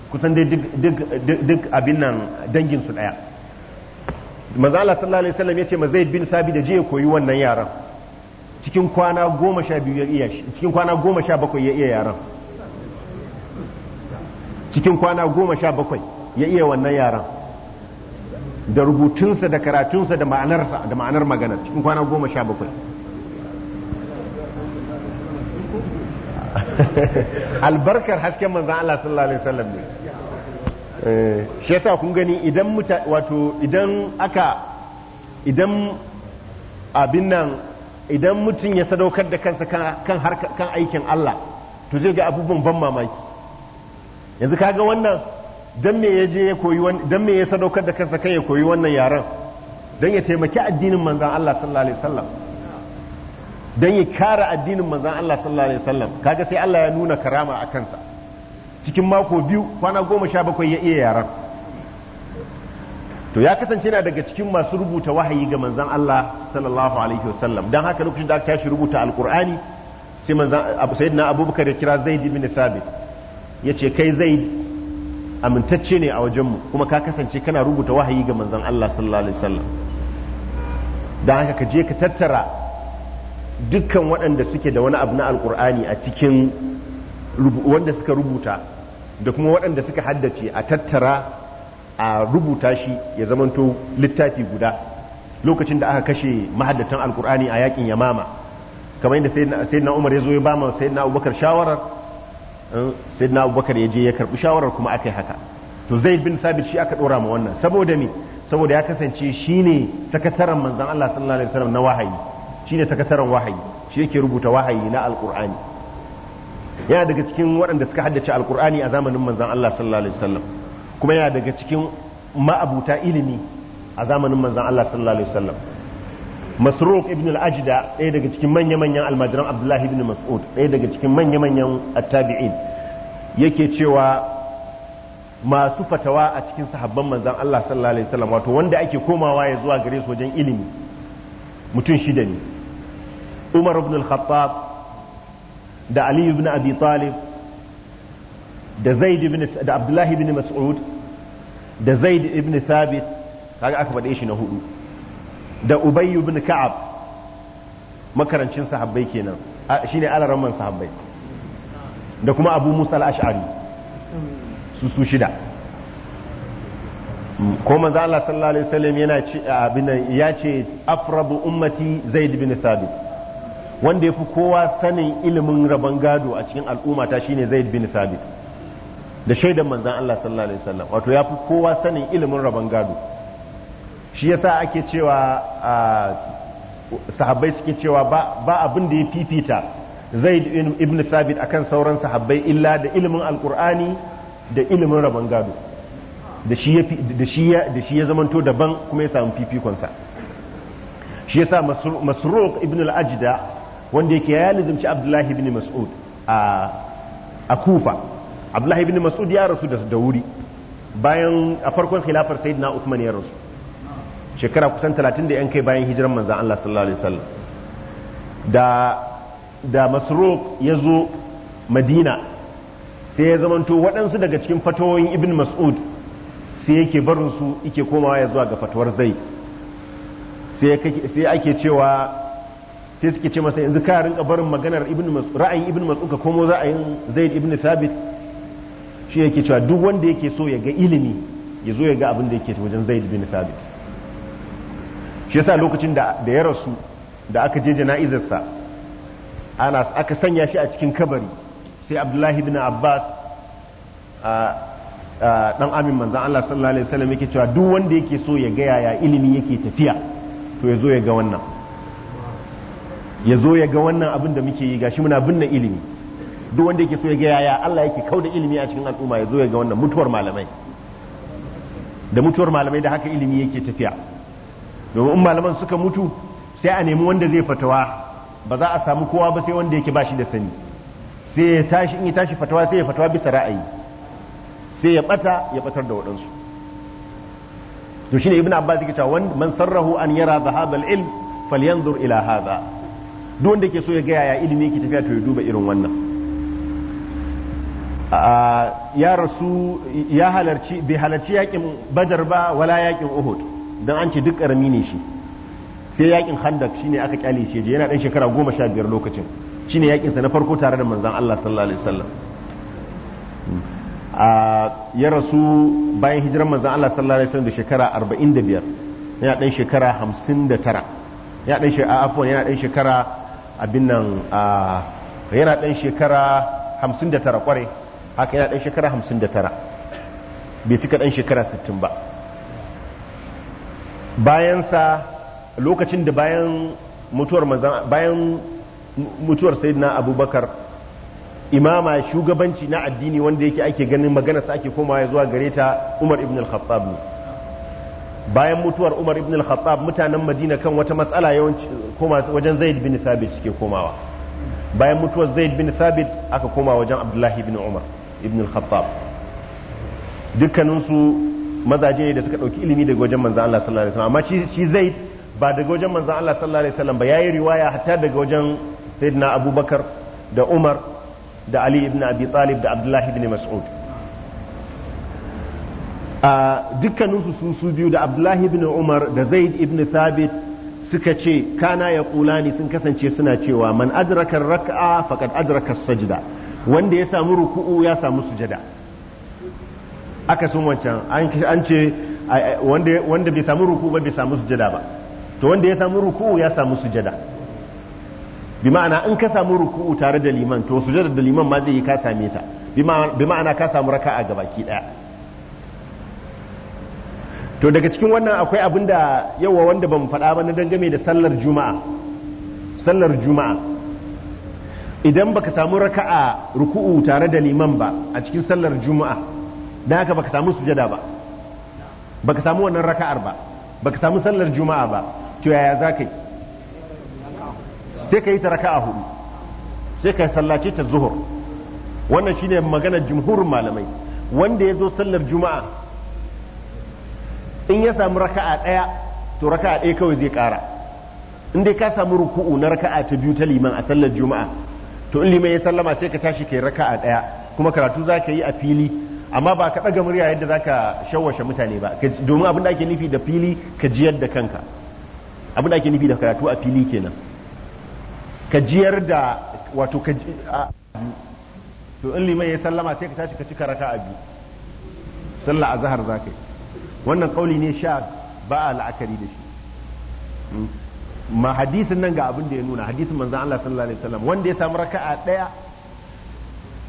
kusan dai duk abin nan dangin su daya manzo Allah sallallahu alaihi wasallam yace ma Zaid bin sabi da je ya koyi wannan yaran cikin kwana goma sha biyu ya iya shi cikin kwana goma sha bakwai ya iya yaran cikin kwana goma sha bakwai ya iya wannan yaran da rubutunsa da karatunsa da ma'anarsa da ma'anar magana cikin kwana goma sha bakwai albarkar hasken manzan Allah sallallahu alaihi wasallam ne eh, shi yasa kun gani idan muta wato idan aka idan abin nan idan mutum ya sadaukar da kansa kan kan aikin Allah to zai ga abubuwan ban mamaki yanzu kaga wannan dan me ya je ya koyi dan me ya sadaukar da kansa kan ya koyi wannan yaran dan ya taimaki addinin manzan Allah sallallahu alaihi wasallam don ya kyara addinin manzan Allah sallallahu alaihi wasallam kaga sai Allah ya nuna karama a kansa cikin mako biyu kwana goma sha bakwai ya iya yaran to ya kasance na daga cikin masu rubuta wahayi ga manzan Allah sallallahu alaihi wasallam don haka lokacin da aka tashi rubuta alkur'ani sai manzan abu sayyidina abubakar ya kira zaid ibn thabit ya ce kai zaid amintacce ne a wajenmu kuma ka kasance kana rubuta wahayi ga manzan Allah sallallahu alaihi wasallam don haka ka je ka tattara dukkan waɗanda suke da wani abu na alkur'ani a cikin wanda suka rubuta da kuma waɗanda suka haddace a tattara a rubuta shi ya zamanto littafi guda lokacin da aka kashe mahaddatan alkur'ani a yakin yamama kamar yadda sayyidina umar ya zo ya ba ma sayyidina abubakar shawarar eh, sayyidina abubakar ya je ya karbi shawarar kuma aka yi haka to zai bin sabit shi aka ɗora ma wannan saboda me saboda ya kasance shi ne sakataren manzon Allah sallallahu alaihi wasallam na wahayi shine sakataren wahayi shi yake rubuta wahayi na alqur'ani yana daga cikin waɗanda suka haddace alqur'ani a zamanin manzon Allah sallallahu alaihi wasallam kuma yana daga cikin ma'abuta ilimi a zamanin manzon Allah sallallahu alaihi wasallam masruq ibn al-ajda ɗaya daga cikin manya-manyan almajiran abdullahi ibn mas'ud ɗaya daga cikin manya-manyan attabi'in yake cewa masu fatawa a cikin sahabban manzan Allah sallallahu alaihi wasallam wato wanda ake komawa ya zuwa gare su wajen ilimi mutum shida ne umar ibn al-khattab da ali ibn abi talib da zaid ibn da abdullahi ibn mas'ud da zaid ibn thabit kaga aka faɗe shi na hudu da ubay ibn ka'ab makarancin sahabbai kenan shine alaramman sahabbai da kuma abu musa al-ash'ari su su shida ko manzo Allah sallallahu alaihi wasallam yana ce abin ya ce afrabu ummati zaid ibn thabit wanda ya fi kowa sanin ilimin rabon gado a cikin al'umma ta shine zaid bin thabit da shaidan manzan Allah sallallahu alaihi wasallam wato ya fi kowa sanin ilimin rabon gado shi yasa ake cewa sahabbai suke cewa ba abin da ya fifita zaid ibn thabit akan sauran sahabbai illa da ilimin alkur'ani da ilimin rabon gado da shi ya zamanto daban kuma ya samu fifikonsa shi yasa masruq ibn al-ajda wanda yake ya lizumci abdullahi ibn mas'ud a kufa abdullahi ibn mas'ud ya rasu da wuri bayan a farkon khilafar sayyidina usman ya rasu shekara kusan 30 da yan kai bayan hijiran manzon Allah sallallahu alaihi wasallam da da Masruq ya zo Madina sai ya zamanto waɗansu daga cikin fatawoyin Ibn Mas'ud sai yake barin su yake komawa ya zuwa ga fatuwar zai sai ake cewa sai suke ce masa yanzu ka rinka barin maganar ibn mas'ud ra'ayin ibn mas'ud ka komo yin zaid ibn thabit shi yake cewa duk wanda yake so ya ga ilimi ya zo ya ga abin da yake wajen zaid ibn thabit shi yasa lokacin da da ya rasu da aka je jana'izarsa ana aka sanya shi a cikin kabari sai abdullahi ibn abbas dan amin manzan Allah sallallahu alaihi wasallam yake cewa duk wanda yake so ya ga yaya ilimi yake tafiya to ya zo ya ga wannan ya zo ya ga wannan abin da muke yi gashi muna binne ilimi duk wanda yake so ya ga yaya Allah yake kauda ilimi a cikin al'umma ya zo ya ga wannan mutuwar malamai da mutuwar malamai da haka ilimi yake tafiya domin in malaman suka mutu sai a nemi wanda zai fatawa ba za a samu kowa ba sai wanda yake bashi da sani sai ya tashi in ya tashi fatawa sai ya fatawa bisa ra'ayi sai ya bata ya batar da waɗansu to shine ibnu abbas yake cewa man sarrahu an yara dhahab al-ilm falyanzur ila hadha duk wanda ke so ya gaya ya ilimi ki tafiya to ya duba irin wannan ya rasu ya halarci bai halarci yakin badar ba wala yakin uhud don an ce duk karami ne shi sai yakin handak shine aka kyale shi yana dan shekara goma sha biyar lokacin shine yakin sa na farko tare da manzon Allah sallallahu alaihi wasallam ya rasu bayan hijirar manzon Allah sallallahu alaihi wasallam da shekara 45 yana dan shekara 59 ya dan shekara afwan yana dan shekara abin nan yana ɗan shekara hamsin da tara kware haka yana ɗan shekara hamsin da tara bai cika ɗan shekara sittin ba bayansa lokacin da bayan mutuwar manzan bayan mutuwar na abubakar imama shugabanci na addini wanda yake ake ganin maganarsa ake komawa zuwa gare ta umar ibn al-khattab ne bayan mutuwar umar ibn al-khattab mutanen madina kan wata matsala yawanci koma wajen zaid bin thabit suke komawa bayan mutuwar zaid bin thabit aka koma wajen abdullahi ibn umar ibn al-khattab dukkaninsu mazaje ne da suka ɗauki ilimi daga wajen manzan Allah sallallahu alaihi wasallam amma shi zaid ba daga wajen manzan Allah sallallahu alaihi wasallam ba yayi riwaya hatta daga wajen sayyidina abubakar da umar da ali ibn abi talib da abdullahi ibn mas'ud dukkaninsu su su biyu da abdullahi ibn umar da zaid ibn thabit suka ce kana ya kula ni sun kasance suna cewa man adraka raka'a faqad adraka sajda wanda ya samu ruku'u ya samu sujada aka sun wancan an ce wanda bai samu ruku'u ba bai samu sujada ba to wanda ya samu ruku'u ya samu sujada bi ma'ana in ka samu ruku'u tare da liman to sujada da liman ma zai yi ka same ta bi ma'ana ka samu raka'a gabaki daya to daga cikin wannan akwai abin da yawa wanda ban faɗa ba na dangane da sallar juma'a sallar juma'a idan baka samu raka'a ruku'u tare da liman ba a cikin sallar juma'a da haka baka samu sujada ba baka samu wannan raka'ar ba baka samu sallar juma'a ba to yaya za ka yi sai ka yi ta raka'a hudu sai ka sallace ta zuhur wannan shine maganar jumhurin malamai wanda ya zo sallar juma'a in ya samu raka'a ɗaya to raka'a ɗaya kawai zai ƙara in dai ka samu ruku'u na raka'a ta biyu ta liman a sallar juma'a to in liman ya sallama sai ka tashi kai raka'a ɗaya kuma karatu za ka yi a fili amma ba ka ɗaga murya yadda za ka shawwashe mutane ba domin abin da ake nufi da fili ka jiyar da kanka abin da ake nufi da karatu a fili kenan ka jiyar da wato ka to in liman ya sallama sai ka tashi ka cika raka'a biyu sallah azhar za ka yi wannan kauli ne sha ba a la'akari da shi hmm? ma hadisin nan ga abin da ya nuna hadisin manzan Allah sallallahu alaihi wasallam wanda ya samu raka'a daya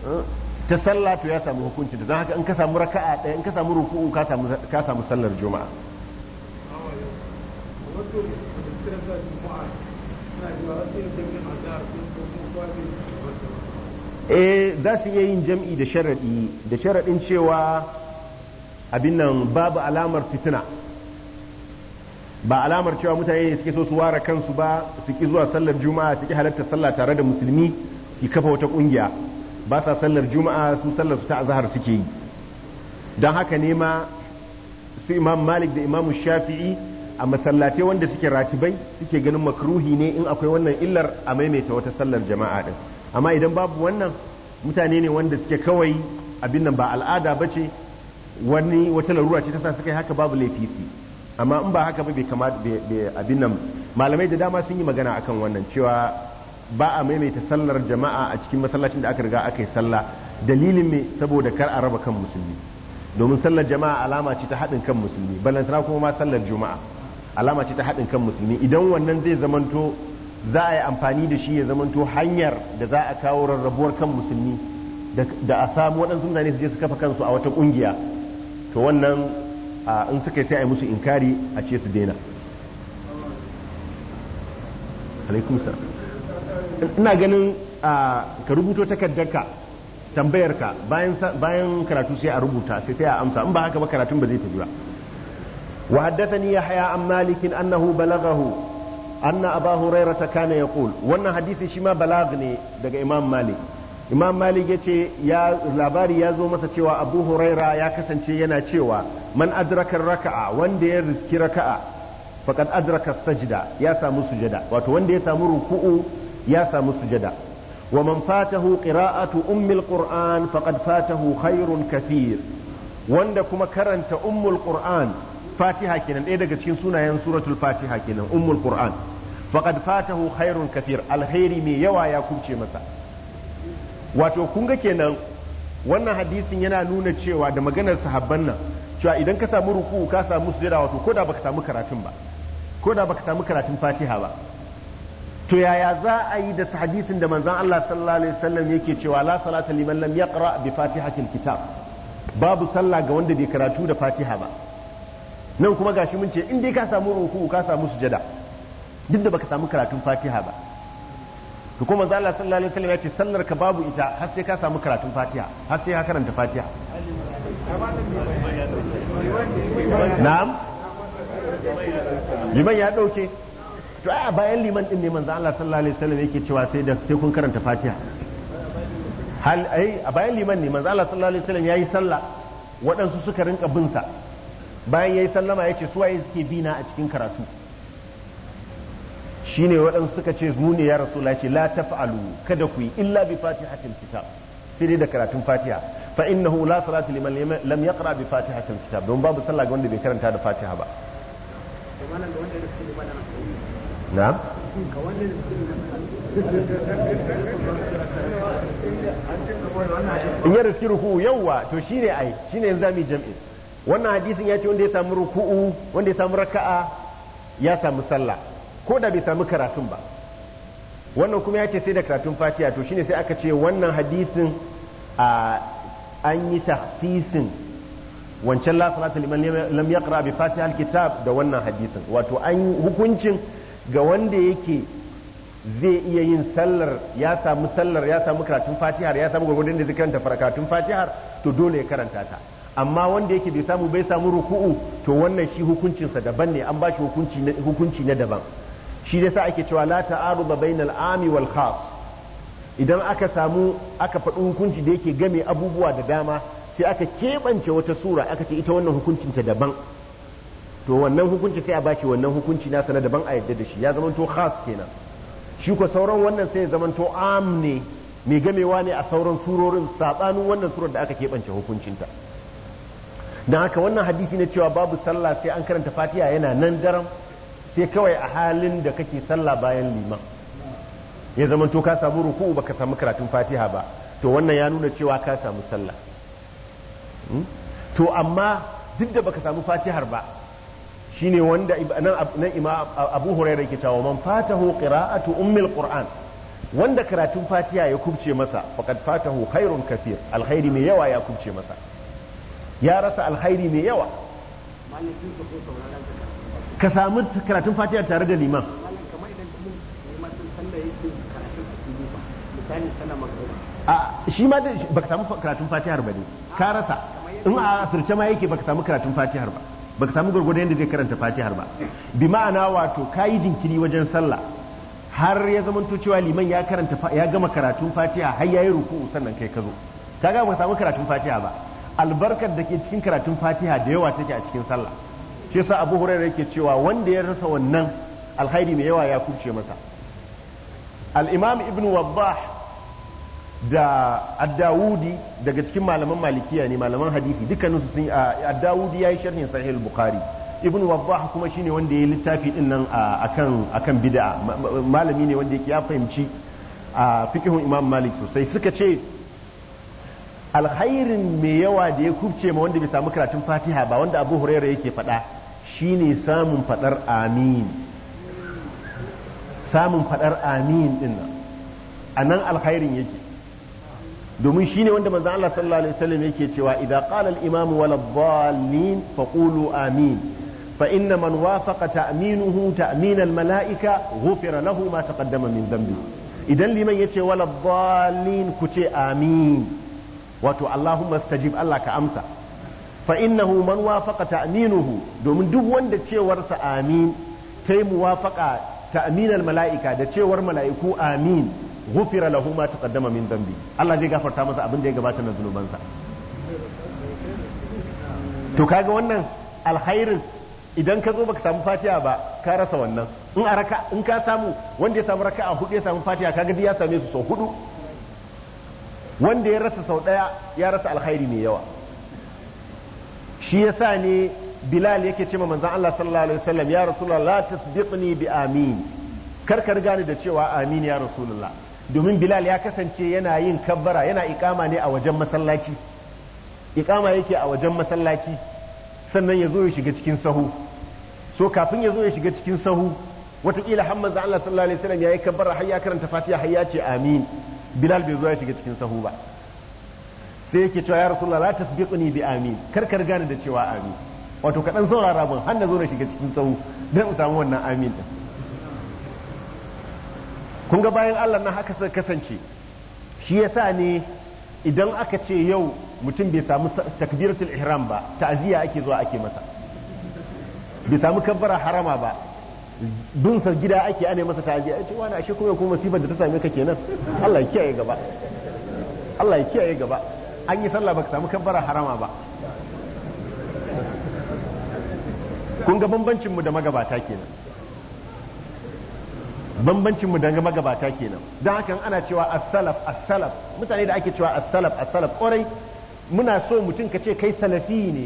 hmm? ta sallah to ya samu hukunci da zan haka in ka samu raka'a daya in ka samu ruku'u ka samu ka samu sallar juma'a eh za su iya yin jam'i da sharaɗi da sharaɗin cewa abin nan babu alamar fitina ba alamar cewa mutane ne suke so su ware kansu ba su ki zuwa sallar juma'a su ki halarta sallah tare da musulmi su kafa wata kungiya ba sa sallar juma'a su sallar su ta azhar suke yi don haka ne ma su imam malik da imam shafi'i a masallatai wanda suke ratibai suke ganin makruhi ne in akwai wannan illar a maimaita wata sallar jama'a din amma idan babu wannan mutane ne wanda suke kawai abin nan ba al'ada ba ce wani wata larura ce ta sa suka yi haka babu laifi su amma in ba haka ba bai kamata abin nan malamai da dama sun yi magana akan wannan cewa ba a maimaita sallar jama'a a cikin masallacin da aka riga aka yi sallah dalilin me saboda kar a raba kan musulmi domin sallar jama'a alama ce ta haɗin kan musulmi balantana kuma ma sallar juma'a alama ce ta haɗin kan musulmi idan wannan zai zamanto za a yi amfani da shi ya zamanto hanyar da za a kawo rarrabuwar kan musulmi da a samu waɗansu mutane su je su kafa kansu a wata ƙungiya to wannan in suka sai a yi musu inkari a ce su daina ina ganin ka rubuto takardarka tambayarka bayan karatu sai a rubuta sai sai a amsa in ba haka ba karatun ba zai tafi ba wa haddathani haya an malikin annahu balagahu anna abahu hurairah kana yaqul wannan hadisi shi ma balagh ne daga imam malik imam malik ya ce labari ya zo masa cewa abu huraira ya kasance yana cewa man adraka raka'a wanda ya riski raka'a faqad adraka sajda ya samu sujada wato wanda ya samu ruku'u ya samu sujada wa man fatahu qira'atu ummul qur'an faqad fatahu khairun kathir wanda kuma karanta ummul qur'an fatiha kenan ɗaya daga cikin sunayen suratul fatiha kenan ummul qur'an faqad fatahu khairun kathir alkhairi mai yawa ya kubce masa wato kun ga kenan wannan hadisin yana nuna cewa da maganar sahabban nan cewa idan ka samu ruku ka samu sujada wato ko da baka samu karatun ba ko baka samu karatun fatiha ba to yaya za a yi da hadisin da manzon Allah sallallahu alaihi wasallam yake cewa la salata liman lam yaqra bi fatihatil kitab babu sallah ga wanda bai karatu da fatiha ba nan kuma gashi mun ce in dai ka samu ruku ka samu sujada duk da baka samu karatun fatiha ba to kuma manzo Allah sallallahu alaihi wasallam ya ce sallar ka babu ita har sai ka samu karatun Fatiha har sai ka karanta Fatiha na'am liman ya dauke to a bayan liman din ne manzo Allah sallallahu alaihi wasallam yake cewa sai da sai kun karanta Fatiha hal ai a bayan liman ne manzo Allah sallallahu alaihi wasallam yayi sallah waɗansu suka rinka bin sa bayan yayi sallama yace su waye suke bina a cikin karatu shine waɗansu suka ce mu ne ya rasulullah ce la taf'alu kada ku yi illa bi fatihatil kitab sai dai da karatun fatiha fa innahu la salata liman lam yaqra bi fatihatil kitab don babu sallah ga wanda bai karanta da fatiha ba na'am in ya riski ruku'u yawwa to shine ai shine yanzu zamu jam'i wannan hadisin ya ce wanda ya samu ruku'u wanda ya samu raka'a ya samu sallah ko da bai sami karatun ba wannan kuma ya ce sai da karatun fatiha to shine sai aka ce wannan hadisin a an yi tahsisin wancan la liman lam yaqra bi fatiha alkitab da wannan hadisin wato an hukuncin ga wanda yake zai iya yin sallar ya samu sallar ya samu karatun fatihar ya samu gwagwadon da zai karanta karatun fatihar to dole ya karanta ta amma wanda yake bai samu bai samu ruku'u to wannan shi hukuncinsa daban ne an ba shi hukunci na daban shi da sa ake cewa la ta'aruda bainal ami wal khas idan aka samu aka faɗi hukunci da yake game abubuwa da dama sai aka kebance wata sura aka ce ita wannan hukuncin ta daban to wannan hukunci sai a bashi wannan hukunci na sana daban a yadda da shi ya zamanto khas kenan shi ko sauran wannan sai ya zamanto am ne mai gamewa ne a sauran surorin sabanin wannan surar da aka keɓance ta. don haka wannan hadisi na cewa babu sallah sai an karanta fatiha yana nan daram sai kawai a halin da kake sallah bayan liman ya zama to ka samu ruku'u baka samu karatun fatiha ba to wannan ya nuna cewa ka samu sallah hmm? to amma duk da baka samu fatihar ba shine wanda nan ima abu hurairah yake cewa man fatahu qira'atu ummil qur'an wanda karatun fatiha ya kubce masa faqad fatahu khairun kafir alkhairi mai yawa ya kubce masa ya rasa alkhairi mai yawa ka samu karatun fatiha tare da liman a shi ma baka samu karatun fatihar ba ne ka rasa in a asirce ma yake baka samu karatun fatihar ba baka samu gwargwadon yadda zai karanta fatihar ba bi ma'ana wato ka yi jinkiri wajen sallah har ya to cewa liman ya karanta ya gama karatun fatiha har yi ruku'u sannan kai ka zo kaga ka samu karatun fatiha ba albarkar da ke cikin karatun fatiha da yawa take a cikin sallah shi yasa abu hurairah yake cewa wanda ya rasa wannan alhairi mai yawa ya kuce masa al-imam ibn wabbah da ad-dawudi daga cikin malaman malikiya ne malaman hadisi dukkaninsu sun ad-dawudi yayi sharhin sahih al-bukhari ibn wabbah kuma shine wanda ya littafi din nan akan akan bid'a malami ne wanda ya fahimci a fikihun imam malik sosai suka ce alkhairin mai yawa da ya kubce ma wanda bai samu karatun fatiha ba wanda abu huraira yake faɗa shine samun faɗar amin samun faɗar amin din nan a nan alkhairin yake domin shine wanda manzo Allah sallallahu alaihi wasallam yake cewa Idan qala al imam wal dhallin faqulu amin fa inna man wafaqa ta'minuhu ta'min al mala'ika ghufira lahu ma taqaddama min dhanbi idan liman yace wal dhallin ku ce amin wato Allahumma stajib Allah ka amsa fa innahu man wafaqa ta'minuhu domin duk wanda cewarsa amin ta yi muwafaqa ta'minal mala'ika da cewar mala'iku amin ghufira lahu ma taqaddama min dambi Allah zai gafarta masa abin da ya gabata na zunubansa to kaga wannan alkhairin idan ka zo baka samu fatiha ba ka rasa wannan in a in ka samu wanda ya samu raka'a hudu ya samu fatiha kaga duk ya same su sau hudu wanda ya rasa sau ɗaya ya rasa alkhairi mai yawa shi yasa ne bilal yake ce ma manzon Allah sallallahu alaihi wasallam ya rasulullah la tasbiqni bi amin kar ka riga ni da cewa amin ya rasulullah domin bilal ya kasance yana yin kabbara yana ikama ne a wajen masallaci ikama yake a wajen masallaci sannan ya zo ya shiga cikin sahu so kafin ya zo ya shiga cikin sahu watakila har manzo Allah sallallahu alaihi wasallam yi kabbara har ya karanta Fatiha har ya ce amin bilal bai zo ya shiga cikin sahu ba sai yake cewa ya rasulullah la tasbiquni bi amin kar kar gane da cewa amin wato ka dan saurara mun har na zo na shiga cikin sahu dan in samu wannan amin din kun ga bayan Allah na haka sai kasance shi yasa ne idan aka ce yau mutum bai samu takbiratul ihram ba ta'ziya ake zuwa ake masa bai samu kabbara harama ba dunsar gida ake ana masa ta'aziya ya ce wani ashe kuma kuma musibar da ta same ka kenan Allah ya kiyaye gaba Allah ya kiyaye gaba an yi sallah baka samu kabbara harama ba kun ga bambancin mu da magabata kenan bambancin mu da magabata kenan don hakan ana cewa as-salaf as-salaf mutane da ake cewa as-salaf as-salaf kwarai muna so mutum ka ce kai salafi ne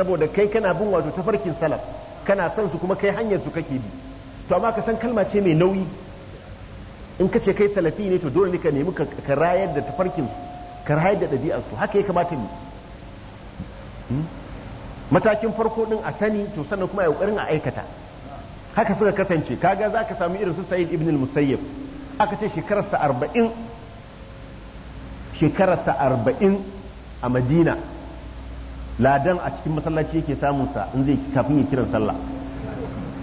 saboda kai kana bin wato tafarkin salaf kana son su kuma kai hanyar su kake bi to amma ka san kalma ce mai nauyi in ka ce kai salafi ne to dole ne ka nemi ka rayar da tafarkin ka rayar da ɗabi'ar haka ya kamata ne hmm? matakin farko ɗin a sani to sannan kuma ya a aikata haka suka kasance kaga za ka samu irin su sa'id ibn al-musayyib aka ce shekararsa arba'in shekararsa arba'in a madina ladan a cikin masallaci yake samunsa in zai kafin ya kiran sallah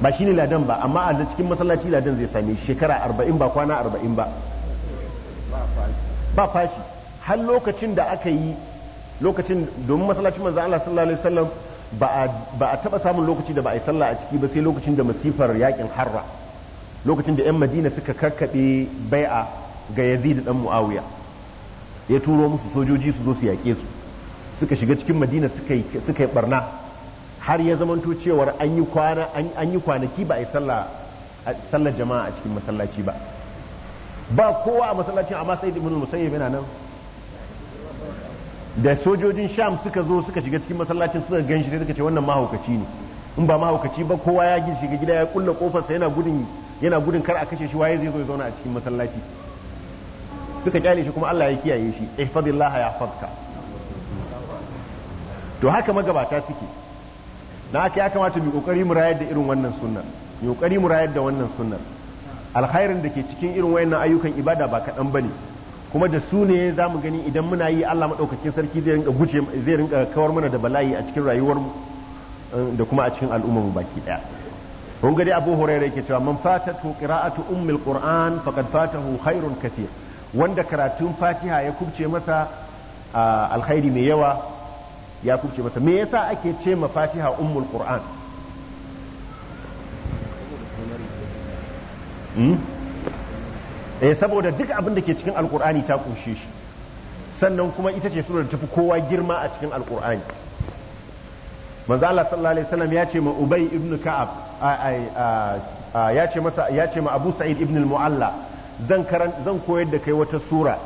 ba shi ne ladan ba amma a cikin masallaci ladan zai same shekara arba'in ba kwana arba'in ba ba fashi har lokacin da aka yi lokacin domin masallacin manzan Allah sallallahu alaihi wasallam ba a taba samun lokaci da ba a yi sallah a ciki ba sai lokacin da masifar yakin harra lokacin da 'yan madina suka karkaɗe bai'a ga yazid dan muawiya ya turo musu sojoji su zo su yaƙe su suka shiga cikin madina suka yi barna har ya zamanto cewar an yi kwanaki ba a yi sallar jama'a a cikin masallaci ba ba kowa a masallacin amma sai ibn musayyib yana nan da sojojin sham suka zo suka shiga cikin masallacin suka ganshi sai suka ce wannan mahaukaci ne in ba mahaukaci ba kowa ya shiga gida ya kulla kofarsa yana gudun yana gudun kar a kashe shi waye zai zo ya zauna a cikin masallaci suka kyale shi kuma Allah ya kiyaye shi ihfazillah fadka to haka magabata suke na aka ya kamata mu kokari mu rayar da irin wannan sunnar mu kokari mu rayar da wannan sunnar alkhairin da ke cikin irin wayannan ayyukan ibada ba kaɗan ba ne kuma da su ne za mu gani idan muna yi Allah maɗaukakin sarki zai rinka guje zai rinka kawar mana da bala'i a cikin rayuwar eh, da kuma a cikin al'ummar mu baki ɗaya kun ga Abu Hurairah yake cewa man fatatu qira'atu ummil qur'an faqad fatahu khairun kathir wanda karatun Fatiha ya kubce masa ah, alkhairi mai yawa ya kuce masa me yasa ake ce ma fatiha ummul qur'an hmm? eh saboda duk abin da ke cikin alqur'ani ta kunshe shi sannan kuma ita ce surar da tafi kowa girma a cikin alqur'ani manzo Allah sallallahu alaihi wasallam ya ce ma Ubay ibn Ka'ab ya ce masa ya ce ma Abu Sa'id ibn al-Mu'alla zan karan zan koyar da kai wata sura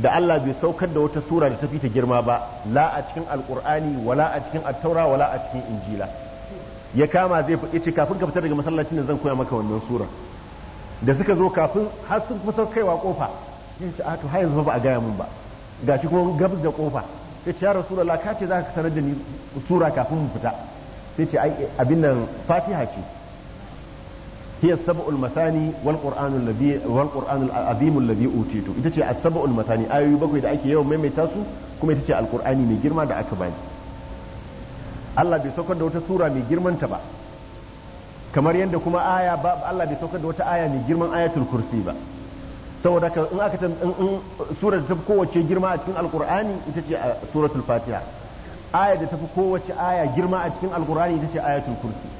da Allah bai saukar da wata sura da ta fi ta girma ba la a cikin alkur'ani wala a cikin attaura wala a cikin injila ya kama zai fi ce kafin ka fitar daga masallacin da zan koya maka wannan sura da suka zo kafin har sun kusa kaiwa kofa sai ce a to har yanzu ba a gaya mun ba gashi kuma gabas da kofa sai ce ya rasulullah ka ce zaka sanar da ni sura kafin mu fita sai ce ai abin nan fatiha ce هي السبع المثاني والقران الذي والقران العظيم الذي azimul ladhi utitu ita ce as-sab'ul matani ayoyi bakwai da ake yawan maimaita su kuma ita ce alqur'ani mai girma da aka bani Allah bai saukar da wata sura mai girman ta ba kamar yadda kuma aya ba Allah bai saukar da wata aya mai girman ayatul kursi ba saboda ka in aka in da ta kowace girma a cikin alqur'ani ita ce ah, suratul fatiha aya da tafi kowace aya girma a cikin alqur'ani ita ce ayatul kursi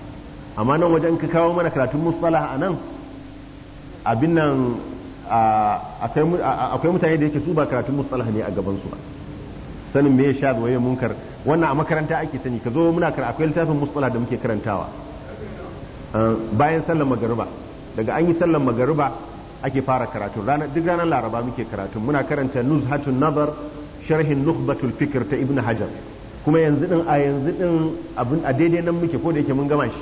amma nan wajen ka kawo mana karatun mustalah a nan abin nan akwai mutane da yake su ba karatun mustalah ne a gabansu ba sanin me sha waye munkar wannan a makaranta ake sani ka zo muna kar akwai littafin mustalah da muke karantawa bayan sallar magariba daga an yi sallar magariba ake fara karatu duk ranar laraba muke karatu muna karanta nuzhatun nazar sharhin nukhbatul fikr ta ibnu hajar kuma yanzu din a yanzu din abin a daidai nan muke ko da yake mun gama shi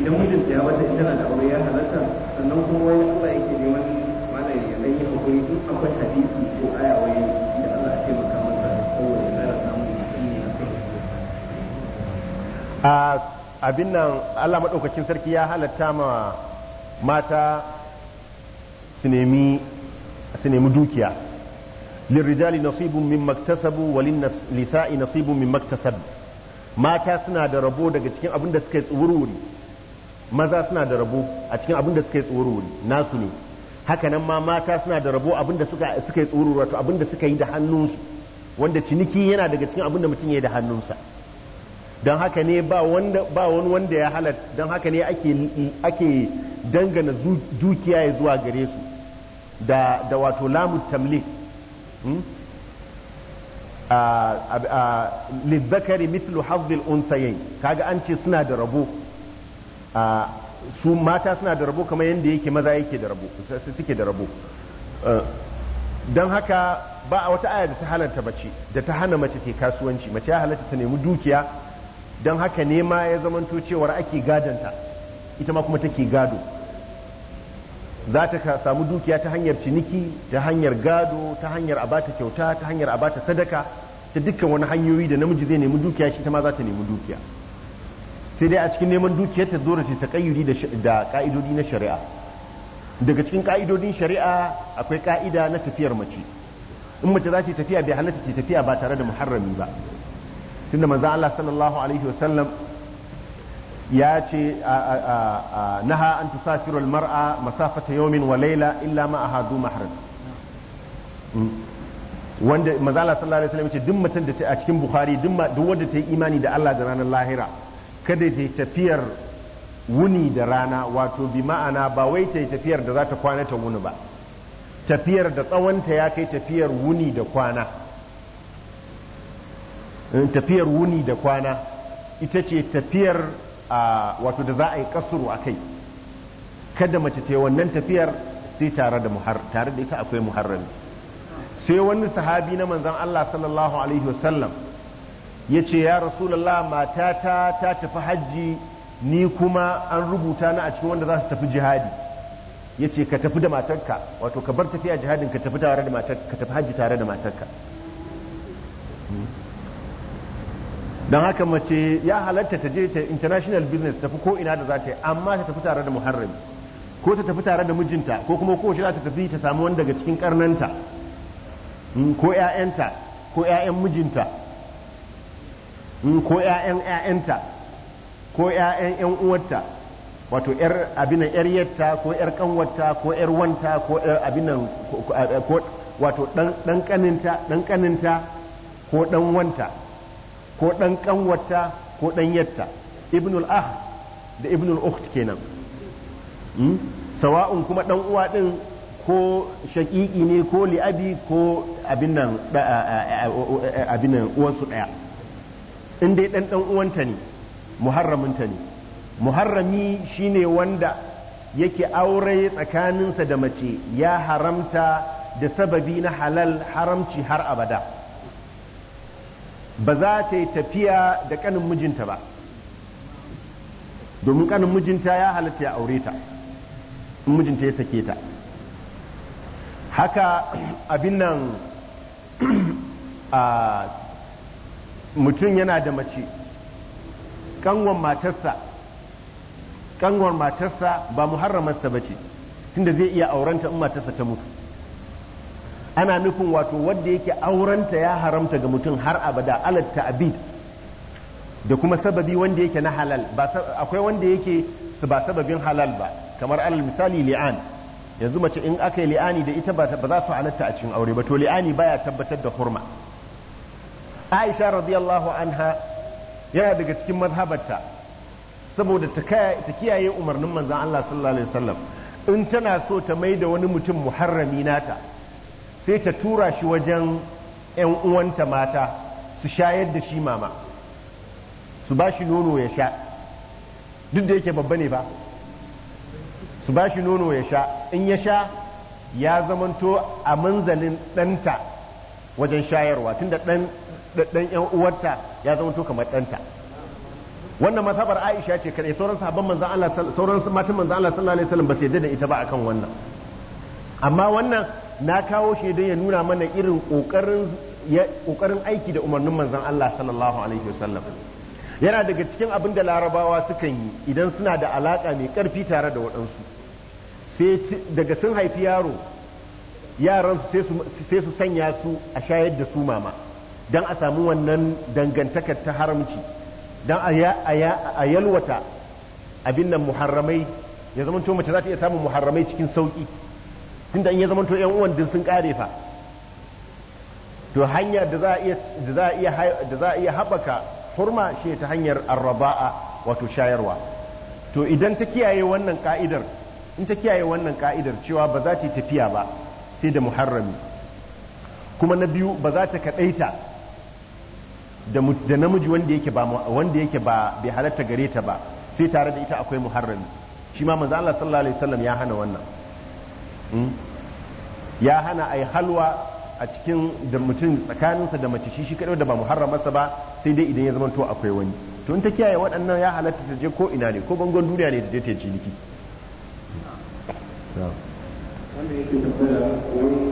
idan mutum ya in tana da aure ya halatta sannan kuma wai Allah yake neman mana ya dan yi hakuri in akwai hadisi ko aya wani da Allah ya maka masa saboda ya tsara samun mutum ne a abin nan Allah madaukakin sarki ya halatta ma mata su nemi dukiya lirrijali nasibun min maktasabu walin nisa'i nasibun min maktasabu mata suna da rabo daga cikin abin da suka yi tsuwurwuri maza suna da rabo a cikin abin da suka yi tsoro nasu ne hakanan ma mata suna da rabo abin da suka suka yi tsoro wato abin da suka yi da hannunsu wanda ciniki yana daga cikin abin da mutum ya yi da hannunsa don haka ne ba wanda ba wani wanda ya halatta don haka ne ake ake dangana dukiya ya zuwa gare su da da wato lamu hmm? a lizzakari mithlu hazzil unsayayn kaga an ce suna da rabo a su mata suna da rabo kamar yadda yake maza yake da rabo suke da rabo don haka ba a wata aya da ta halanta mace da ta hana mace ke kasuwanci mace ya halatta ta nemi dukiya don haka nema ya zamanto cewar ake gadanta ita ma kuma take gado za ta samu dukiya ta hanyar ciniki ta hanyar gado ta hanyar abata kyauta ta hanyar abata sadaka ta dukkan wani hanyoyi da namiji zai nemi dukiya shi ta ma za ta nemi dukiya sai dai a cikin neman dukiyar ta zo da ta kayyuri da ka'idodi na shari'a daga cikin ka'idodin shari'a akwai ka'ida na tafiyar mace in mace za ta tafiya bai halatta ta tafiya ba tare da muharrami ba tunda manzo Allah sallallahu alaihi wa sallam ya ce naha an tusafiru mar'a masafata yawmin wa layla illa ma ahadu mahram hmm. wanda manzo Allah sallallahu alaihi wa sallam ya ce duk mutum da a cikin bukhari duk wanda ta yi imani da Allah da ranar lahira kada ta yi tafiyar wuni da rana wato bi ma'ana ba wai ta yi tafiyar da za ta kwana ta wuni ba tafiyar da tsawonta ya kai tafiyar wuni da kwana eh, tafiyar wuni da kwana ita ce tafiyar wato da za a yi kasuru a kai kada mace ta yi wannan tafiyar sai tare da tare da ita akwai muharrami sai wani sahabi na manzon Allah sallallahu alaihi wasallam ya ce ya rasulallah matata ta tafi hajji ni kuma an rubuta na a cikin wanda za su tafi jihadi ya ce ka tafi da matarka wato ka bar tafiya jihadin ka tafi tare da matarka ka tafi hajji tare da matarka don haka mace ya halatta ta je ta international business tafi ko ina da za ta yi amma ta tafi tare da muharrami ko ta tafi tare da mijinta ko kuma kowace za ta tafi ta samu wani daga cikin karnanta hmm, ko 'ya'yanta ko 'ya'yan mijinta ko ƴaƴan ƴaƴanta ko ƴaƴan ƴan uwarta wato ƴar abinan 'yar yatta ko ƴar kanwarta ko ƴar wanta ko 'yar abinan ko wato dan kaninta dan kaninta ko dan wanta ko dan kanwarta ko dan yatta ibnul ah da ibnul ukht kenan hmm? sawa'un kuma dan uwa din ko shaƙiƙi ne ko li'abi ko abin nan uwansu ɗaya in dai ɗan ɗan uwanta ne muharraminta ne muharrami shine wanda yake aure tsakaninsa da mace ya haramta da sababi na halal haramci har abada ba za ta yi tafiya da ƙanin mijinta ba domin ƙanin mijinta ya halatta ya aure ta in mijinta ya sake ta haka abin nan a mutum yana da mace kanwar matarsa kanwar matarsa ba muharramarsa ba ce tunda zai iya aurenta in matarsa ta mutu ana nufin wato wadda yake aurenta ya haramta ga mutum har abada alat ta'abid da kuma sababi wanda yake na halal akwai wanda yake ba sababin halal ba kamar alal misali li'an yanzu mace in aka yi li'ani da ita ba za su halatta a cikin aure ba to li'ani baya tabbatar da hurma aisha radiyallahu anha yana daga cikin mazhabarta saboda ta kiyaye umarnin manzan Allah sallallahu alaihi wasallam in tana so ta mai da wani mutum muharrami nata sai ta tura shi wajen 'yan uwanta mata su shayar da shi mama su ba shi nono ya sha duk da yake babba ne ba su ba shi nono ya sha in ya sha ya zamanto a manzalin ɗanta wajen shayarwa tunda ɗan ɗan yan uwarta ya zama to kamar danta wannan masabar Aisha ce kaɗai sauran sahabban manzon Allah sauran matan manzon Allah sallallahu alaihi wasallam ba su yarda da ita ba akan wannan amma wannan na kawo shi don ya nuna mana irin kokarin aiki da umarnin manzon Allah sallallahu alaihi wasallam yana daga cikin abin da larabawa sukan yi idan suna da alaka mai karfi tare da waɗansu daga sun haifi yaro yaransu sai su sanya su a shayar da su mama don a sami wannan dangantakar ta haramci don a yalwata abin nan muharramai ya zama to mace za ta iya samun muharramai cikin tun tunda in ya zama to yan uwan din sun kare fa to hanya da za a iya haɓaka hurma shi ta hanyar arraba'a wato shayarwa to idan ta kiyaye wannan ka'idar in ta kiyaye wannan ka'idar cewa ba za ta yi tafiya ba sai da muharrami kuma na biyu ba za ta kaɗaita da namiji wanda yake ba wanda yake ba bai halatta gare ta ba sai tare da ita akwai muharrami shi ma manzo Allah sallallahu alaihi wasallam ya hana wannan hmm? ya hana ai halwa a cikin da mutum tsakaninsa da mace shi shi kadai da ba muharramarsa ba sai dai idan ya zama to akwai wani to in ta kiyaye waɗannan ya halatta ta je ko ina ne ko bangon duniya ne ta je ta ciniki wanda yake tafiya wani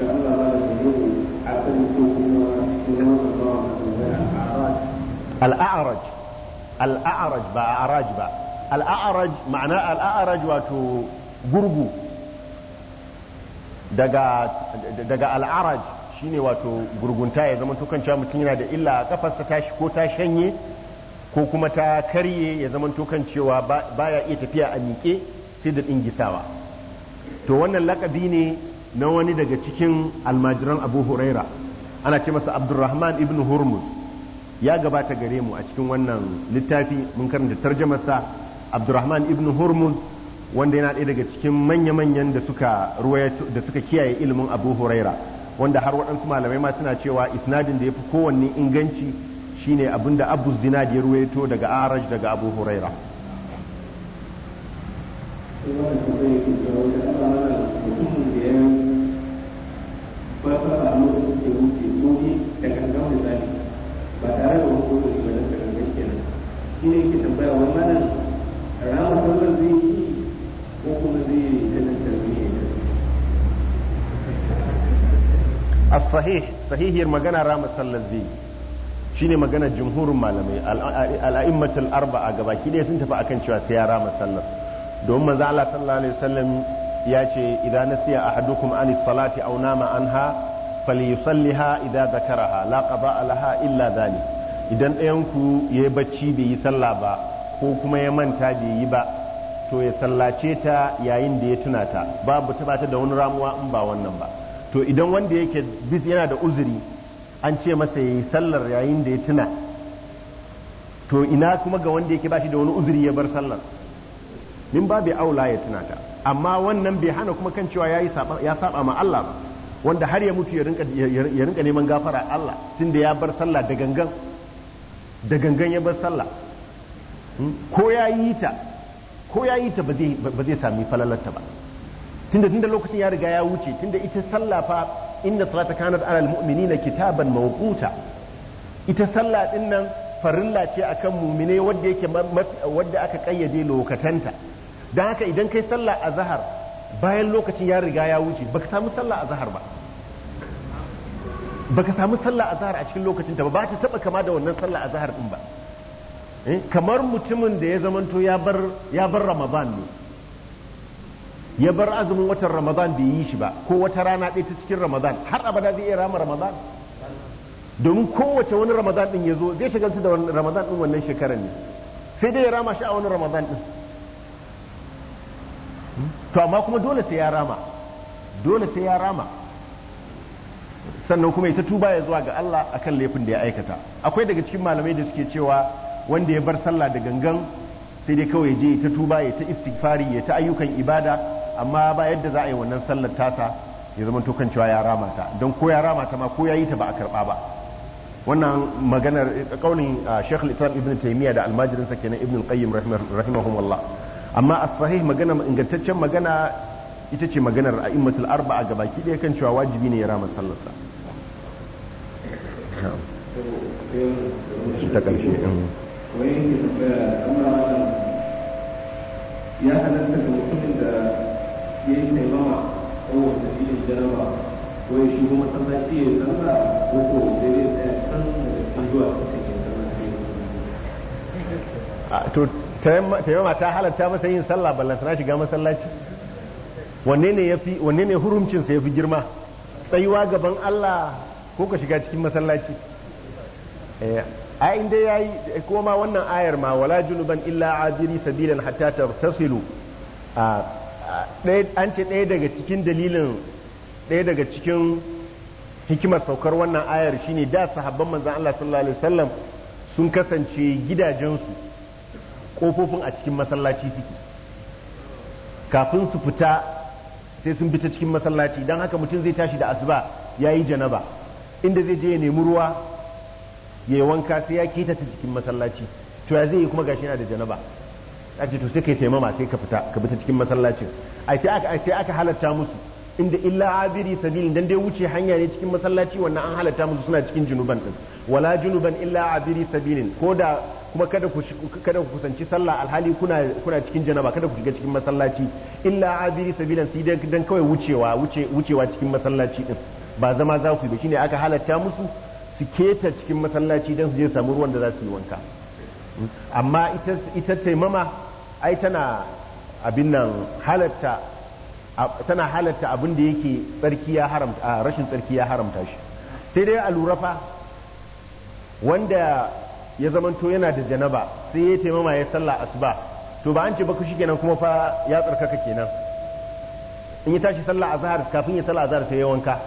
da Allah ba da a kan ko kuma al'a'raj al'a'raj ba a'raj ba al'a'raj ma'ana al'a'raj wato gurgu daga daga al'araj shine wato gurgunta ya zama tukan cewa mutum yana da illa a kafarsa ta ko ta shanye ko kuma ta karye ya zama tukan cewa baya iya tafiya a miƙe sai da ɗingisawa to wannan lakabi ne na wani daga cikin almajiran abu huraira ana ce masa abdurrahman ibn Hurmus. ya gabata gare mu a cikin wannan littafi mun karanta tarjamarsa abdurrahman ibn hurmuz wanda yana ɗaya daga cikin manya-manyan da suka da suka kiyaye ilimin abu huraira wanda har waɗansu malamai ma suna cewa isnadin da ya fi kowanne inganci shine abin da abu zinad ya ruwaito daga araj daga abu huraira shi ne yake tambaya wai zai yi ko kuma zai yi tarbiyya as-sahih sahihiyar magana rama shine magana jumhurin malamai al'a'immatul arba'a gabaki ɗaya sun tafi akan cewa sai ya rama sallar domin maza Allah sallallahu alaihi ya ce idan nasiya ahadukum an salati aw nama anha falyusalliha idza dhakaraha la qada'a illa dhalik idan ɗayanku ya yi bacci bai yi sallah ba ko kuma ya manta bai yi ba to ya sallace ta yayin da ya tuna ta babu ta da wani ramuwa in ba wannan ba to idan wanda yake bis yana da uzuri an ce masa ya yi sallar yayin da ya tuna to ina kuma ga wanda yake bashi da wani uzuri ya bar sallar min bai aula ya tuna ta amma wannan bai hana kuma kan cewa ya saba ma Allah ba wanda har ya mutu ya rinka neman gafara Allah tunda ya bar sallah da gangan da gangan ya bar sallah hmm, ko ya yi ta ko ya yi ta ba zai sami falalarta ba tunda tunda lokacin ya riga ya wuce tunda ita sallah fa inna salata kanat alal mu'minina kitaban mawquta ita sallah din nan farilla ce akan mumine wadda yake wadda aka kayyade lokatanta dan haka idan kai sallah azhar bayan lokacin ya riga ya wuce baka samu sallah azhar ba baka samu sallah azhar a cikin lokacin ta ba ba ta taba kama da wannan sallah azhar din ba eh, kamar mutumin da ya zamanto ya bar ya bar ramadan ne ya bar azumin watan ramadan bai yi shi ba ko wata rana ɗaya ta cikin ramadan har abada zai iya rama ramadan domin kowace wani ramadan din ya zo zai shagaltu da ramadan din wannan shekarar ne sai dai ya rama shi a wani ramadan din hmm? to amma kuma dole sai ya rama dole sai ya rama sannan kuma ita tuba ya zuwa ga Allah akan laifin da ya aikata akwai daga cikin malamai da suke cewa wanda ya bar sallah da gangan sai dai kawai je ta tuba ya ta istighfari ya ta ayyukan ibada amma ba yadda za a yi wannan sallar tasa ya zama tokan cewa ya rama ta don ko ya rama ta ma ko ya yi ta ba a karba ba wannan maganar kaunin Sheikh Islam Ibn Taymiyyah da almajirinsa kenan Ibn Qayyim rahimahumullah amma as-sahih magana ingantaccen magana ita ce maganar a'immatul arba'a ga baki ɗaya kan cewa wajibi ne ya rama sallarsa ta ƙarshe ya halatta ga mutumin da ya yi taimawa ko wanda shi jaraba ko ya shigo masallaci ya zama ko ko da ya tsaya can da zuwa to taimama ta halatta masa yin sallah ballantana shiga masallaci wanne ne yafi wanne ne girma tsayuwa gaban Allah ko ka shiga cikin masallaci eh, A inda ya yi koma wannan ayar ma wala junuban illa abiri sabilan hatta tasilu a ah, an ce ɗaya daga cikin dalilin ɗaya daga cikin hikimar saukar wannan ayar shine da sahabban manzan Allah sallallahu alaihi wasallam sun kasance gidajensu kofofin a cikin masallaci suke kafin su fita sai sun bi ta cikin masallaci don haka mutum zai tashi da asuba ya yi janaba inda zai je ya nemi ruwa ya yi wanka sai ya keta ta cikin masallaci to ya zai yi kuma gashi yana da janaba a to sai kai taimama sai ka fita ka bi ta cikin masallacin ai sai aka halatta musu inda illa abiri sabilin dan dai wuce hanya ne cikin masallaci wannan an halatta musu suna cikin junuban din wala junuban illa abiri sabilin ko da kuma kada ku kada ku kusanci sallah alhali kuna kuna cikin janaba kada ku shiga cikin masallaci illa abiri sabilan sai dan dan kawai wucewa wuce wucewa cikin masallaci din ba zama za ku yi ba shine aka halatta musu su keta cikin masallaci dan su je samu ruwan da za su yi wanka amma ita ita taimama ai tana abin nan halatta tana halatta abin da yake tsarki ya haramta rashin tsarki ya haramta shi sai dai a lura fa wanda ya zamanto yana da janaba sai ya taimama ya sallah asuba to ba an ce baku shikenan kuma fa ya tsarkaka kenan in ya tashi sallah azhar kafin ya sallah azhar sai ya wanka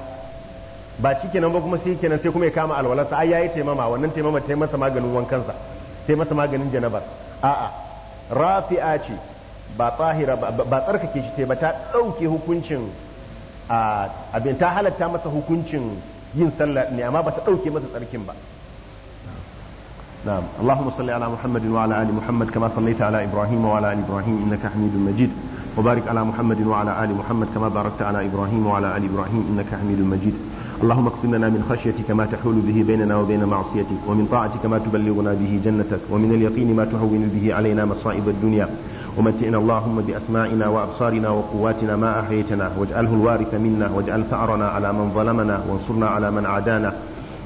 ba shikenan ba kuma sai kenan sai kuma ya kama alwalarsa ai yayi taimama wannan taimama taimasa maganin wankansa Taimasa maganin janabar a'a rafi'a ce ba tsahira ba tsarkake shi ta ta ɗauke hukuncin abin ta halatta masa hukuncin yin sallah ne amma ba ta ɗauke masa tsarkin ba نعم اللهم صل على محمد وعلى ال محمد كما صليت على ابراهيم وعلى ال ابراهيم انك حميد مجيد وبارك على محمد وعلى ال محمد كما باركت على ابراهيم وعلى ال ابراهيم انك حميد مجيد اللهم اقسم لنا من خشيتك ما تحول به بيننا وبين معصيتك ومن طاعتك ما تبلغنا به جنتك ومن اليقين ما تهون به علينا مصائب الدنيا ومتعنا اللهم بأسمائنا وأبصارنا وقواتنا ما أحييتنا واجعله الوارث منا واجعل ثأرنا على من ظلمنا وانصرنا على من عادانا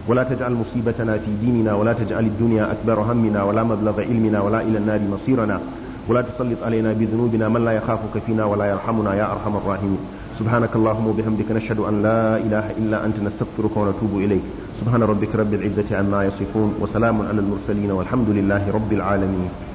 ولا تجعل مصيبتنا في ديننا ولا تجعل الدنيا أكبر همنا ولا مبلغ علمنا ولا إلى النار مصيرنا ولا تسلط علينا بذنوبنا من لا يخافك فينا ولا يرحمنا يا أرحم الراحمين سبحانك اللهم وبحمدك نشهد أن لا إله إلا أنت نستغفرك ونتوب إليك سبحان ربك رب العزة عما يصفون وسلام على المرسلين والحمد لله رب العالمين